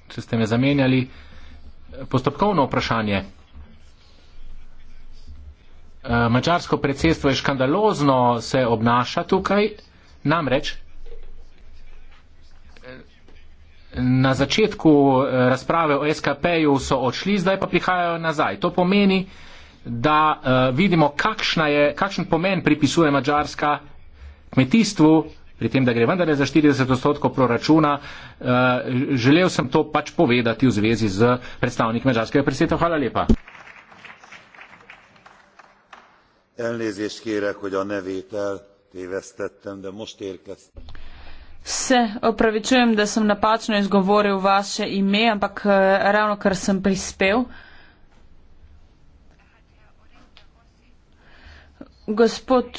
če ste me zamenjali postopkovno vprašanje eh, mačarsko predsedstvo je škandalozno se obnaša tukaj namreč Na začetku eh, razprave o SKP-ju so odšli, zdaj pa prihajajo nazaj. To pomeni, da uh, vidimo, je, kakšen pomen pripisuje Mačarska kmetijstvu, pri tem, da gre vendarle za 40 odstotkov proračuna. Uh, želel sem to pač povedati v zvezi z predstavniki Mačarskega predsedstva. Hvala lepa. Se opravičujem, da sem napačno izgovoril vaše ime, ampak eh, ravno kar sem prispel. Uh, Gospod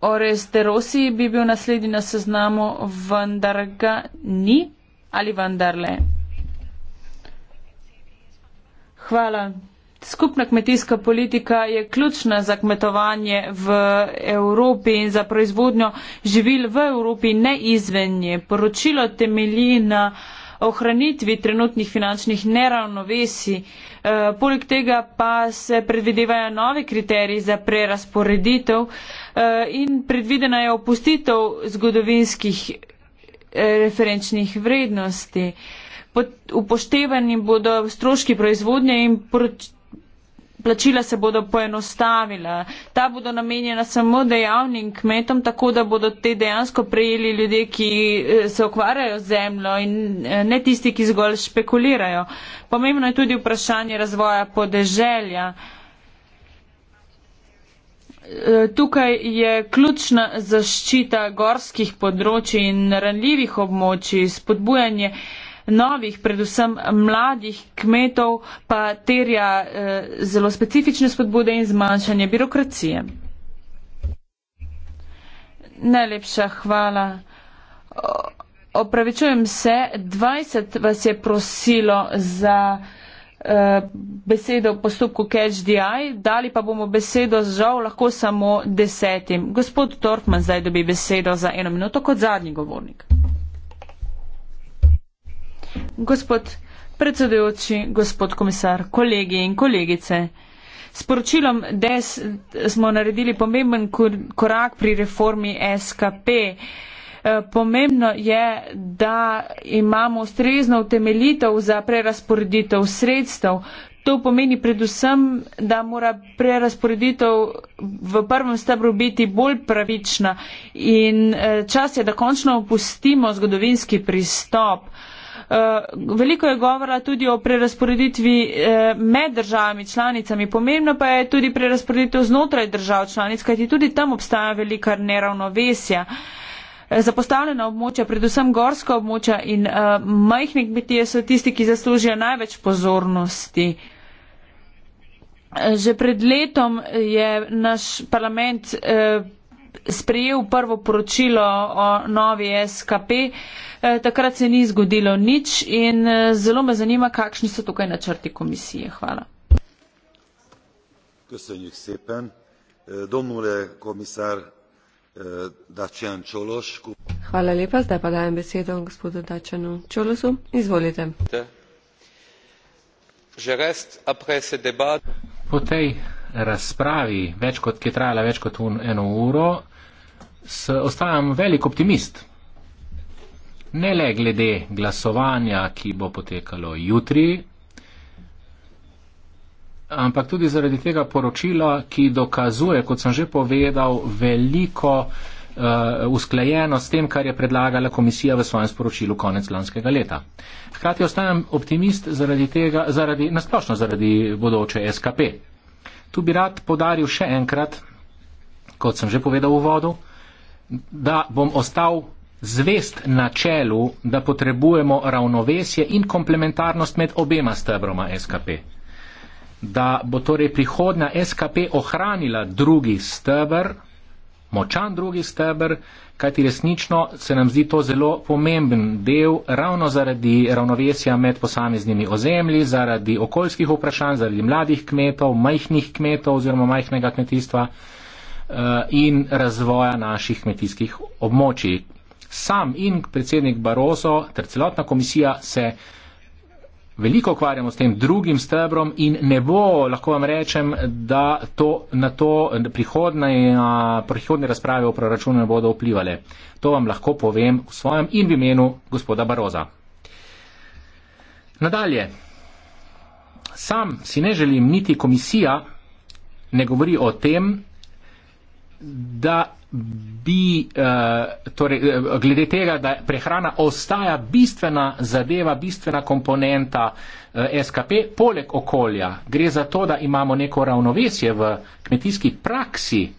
Ores de Rossi bi bil naslednji na seznamu, vendar ga ni ali vendar le. Hvala. Skupna kmetijska politika je ključna za kmetovanje v Evropi in za proizvodnjo živil v Evropi, ne izven nje. Poročilo temelji na ohranitvi trenutnih finančnih neravnovesi. E, eh, poleg tega pa se predvidevajo novi kriteriji za prerasporeditev e, eh, in predvidena je opustitev zgodovinskih eh, referenčnih vrednosti. Upoštevani bodo stroški proizvodnje in proč plačila se bodo poenostavila. Ta bodo namenjena samo dejavnim kmetom, tako da bodo te dejansko prejeli ljudje, ki eh, se okvarjajo z zemljo in eh, ne tisti, ki zgolj špekulirajo. Pomembno je tudi vprašanje razvoja podeželja. Eh, tukaj je ključna zaščita gorskih področji in ranljivih območij, spodbujanje novih, predvsem mladih kmetov, pa terja eh, zelo specifične spodbude in zmanjšanje birokracije. Najlepša hvala. Opravičujem se, 20 vas je prosilo za eh, besedo v postopku Catch the Eye, dali pa bomo besedo žal lahko samo desetim. Gospod Torfman zdaj dobi besedo za eno minuto kot zadnji govornik. Gospod predsedujoči, gospod komisar, kolegi in kolegice. S poročilom DES smo naredili pomemben korak pri reformi SKP. Eh, pomembno je, da imamo ustrezno utemeljitev za prerasporeditev sredstev. To pomeni predvsem, da mora prerasporeditev v prvem stebru biti bolj pravična in eh, čas je, da končno opustimo zgodovinski pristop. Eh, veliko je govora tudi o prerasporeditvi eh, med državami članicami. Pomembno pa je tudi prerasporeditev znotraj držav članic, kajti tudi tam obstaja velika neravnovesja. Eh, zapostavljena območja, predvsem gorska območja in uh, majhne kmetije so tisti, ki zaslužijo največ pozornosti. Že pred letom je naš parlament uh, sprejel prvo poročilo o novi SKP. Eh, takrat se ni zgodilo nič in eh, zelo me zanima, kakšni so tukaj načrti komisije. Hvala. Köszönjük szépen. Eh, Domnule komisár Dacian Csolosku. Hvala lepa, zdaj pa dajem besedo gospodu Dacianu Čolosu. Izvolite. Po tej razpravi, več kot, ki je trajala več kot un, eno uro, ostajam velik optimist. Ne le glede glasovanja, ki bo potekalo jutri, ampak tudi zaradi tega poročila, ki dokazuje, kot sem že povedal, veliko eh, usklajeno s tem, kar je predlagala komisija v svojem sporočilu konec lanskega leta. Hkrati ostajam optimist zaradi tega, zaradi, nasplošno zaradi bodoče SKP. Tu bi rad podaril še enkrat, kot sem že povedal v vodu, da bom ostal zvest na čelu, da potrebujemo ravnovesje in komplementarnost med obema stebroma SKP. Da bo torej prihodna SKP ohranila drugi stebr, močan drugi stebr, kajti resnično se nam zdi to zelo pomemben del ravno zaradi ravnovesja med posameznimi ozemlji, zaradi okoljskih vprašanj, zaradi mladih kmetov, majhnih kmetov oziroma majhnega kmetijstva. Eh, in razvoja naših kmetijskih območij. Sam in predsednik Barroso ter celotna komisija se veliko ukvarjamo s tem drugim stebrom in ne bo, lahko vam rečem, da to na to prihodne, prihodne razprave o proračunu ne bodo vplivali. To vam lahko povem v svojem in v imenu gospoda Barroza. Nadalje, sam si ne želim, niti komisija ne govori o tem, da bi, eh, torej, eh, glede tega, da prehrana ostaja bistvena zadeva, bistvena komponenta eh, SKP, poleg okolja, gre za to, da imamo neko ravnovesje v kmetijski praksi,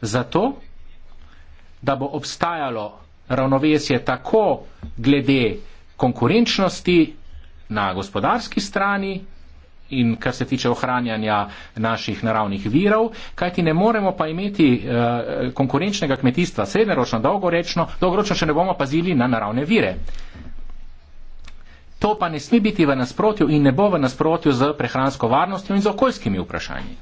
zato, da bo obstajalo ravnovesje tako glede konkurenčnosti na gospodarski strani, in kar se tiče ohranjanja naših naravnih virov, kajti ne moremo pa imeti eh, konkurenčnega kmetijstva srednjeročno, dolgoročno, dolgoročno še ne bomo pazili na naravne vire. To pa ne sme biti v nasprotju in ne bo v nasprotju z prehransko varnostjo in z okoljskimi vprašanji.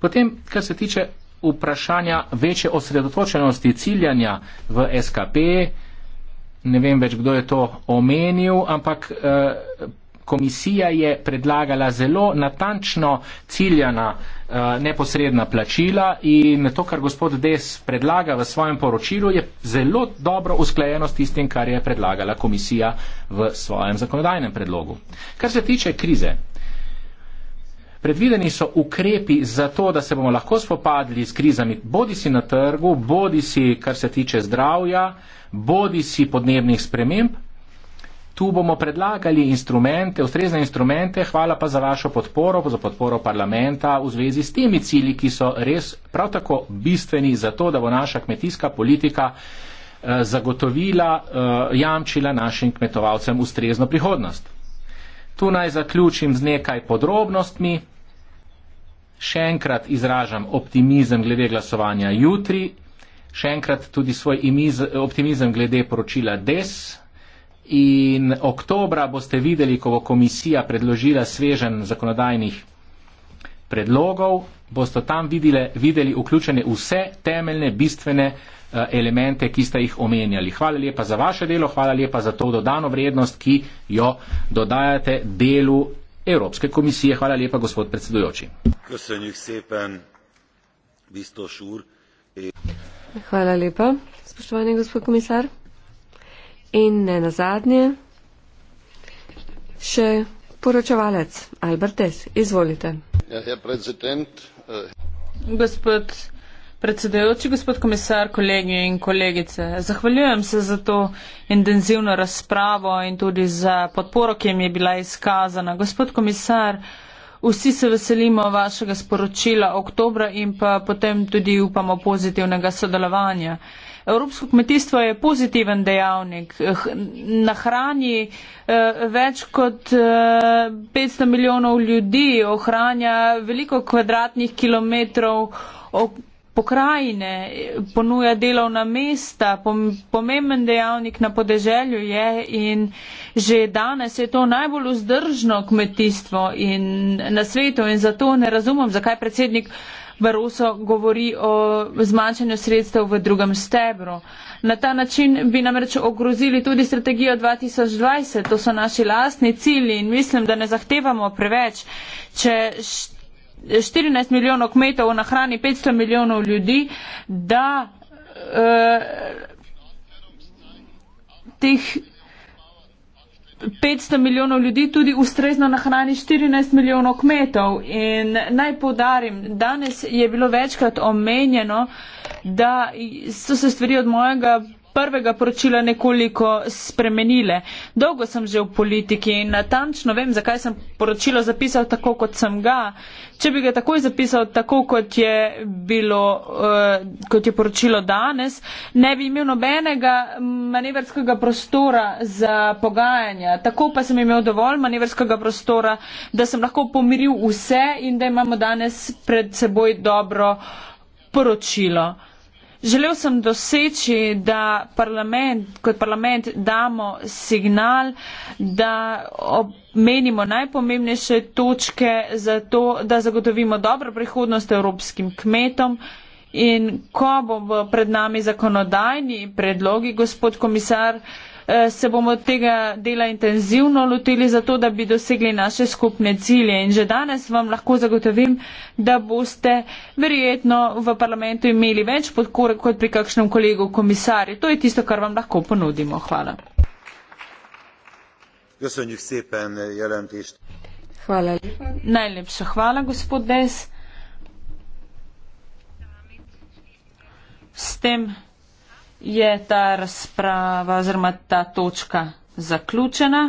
Potem, kar se tiče vprašanja večje osredotočenosti ciljanja v SKP, eh, ne vem več, kdo je to omenil, ampak eh, komisija je predlagala zelo natančno ciljana eh, neposredna plačila in to, kar gospod Des predlaga v svojem poročilu, je zelo dobro usklajeno s tistim, kar je predlagala komisija v svojem zakonodajnem predlogu. Kar se tiče krize, Predvideni so ukrepi za to, da se bomo lahko spopadli s krizami, bodi si na trgu, bodi si kar se tiče zdravja, bodi si podnebnih sprememb. Tu bomo predlagali instrumente, ustrezne instrumente, hvala pa za vašo podporo, za podporo parlamenta v zvezi s temi cilji, ki so res prav tako bistveni za to, da bo naša kmetijska politika eh, zagotovila, eh, jamčila našim kmetovalcem ustrezno prihodnost. Tu naj zaključim z nekaj podrobnostmi. Še enkrat izražam optimizem glede glasovanja jutri, še enkrat tudi svoj imiz, optimizem glede poročila DES. In oktobra boste videli, ko bo komisija predložila svežen zakonodajnih predlogov, boste tam videli, videli vključene vse temeljne, bistvene. Eh, elemente, ki ste jih omenjali. Hvala lepa za vaše delo, hvala lepa za to dodano vrednost, ki jo dodajate delu Evropske komisije. Hvala lepa, gospod predsedujoči. Köszönjük szépen, biztos úr. Hvala lepa, spoštovani gospod komisar. In ne nazadnje, še poročevalec Albertes, izvolite. Ja, ja, eh. gospod Predsedujoči, gospod komisar, kolegi in kolegice, zahvaljujem se za to intenzivno razpravo in tudi za podporo, ki mi je bila izkazana. Gospod komisar, vsi se veselimo vašega sporočila oktobra in pa potem tudi upamo pozitivnega sodelovanja. Evropsko kmetijstvo je pozitiven dejavnik, nahrani eh, več kot 500 eh, milijonov ljudi, ohranja veliko kvadratnih kilometrov pokrajine, ponuja delovna mesta, pomemben dejavnik na podeželju je in že danes je to najbolj vzdržno kmetijstvo in na svetu in zato ne razumem, zakaj predsednik Baroso govori o zmanjšanju sredstev v drugem stebru. Na ta način bi namreč ogrozili tudi strategijo 2020, to so naši lastni cilji in mislim, da ne zahtevamo preveč. Če št- 14 milijonov kmetov nahrani 500 milijonov ljudi, da uh, teh 500 milijonov ljudi tudi ustrezno nahrani 14 milijonov kmetov. In naj podarim, danes je bilo večkrat omenjeno, da so se stvari od mojega prvega poročila nekoliko spremenile. Dolgo sem že v politiki in natančno vem, zakaj sem poročilo zapisal tako, kot sem ga. Če bi ga takoj zapisal tako, kot je, bilo, uh, kot je poročilo danes, ne bi imel nobenega manevrskega prostora za pogajanja. Tako pa sem imel dovolj manevrskega prostora, da sem lahko pomiril vse in da imamo danes pred seboj dobro poročilo. Želel sem doseči, da parlament, kot parlament damo signal, da menimo najpomembnejše točke za to, da zagotovimo dobro prihodnost evropskim kmetom. In ko bo pred nami zakonodajni predlogi, gospod komisar, eh, Eh, se bomo tega dela intenzivno lotili zato, da bi dosegli naše skupne cilje. In že danes vam lahko zagotovim, da boste verjetno v parlamentu imeli več podpore kot pri kakšnem kolegu komisarju. To je tisto, kar vam lahko ponudimo. Hvala. Hvala lepa. Najlepša hvala, gospod Des. S tem je ta razprava oziroma ta točka zaključena.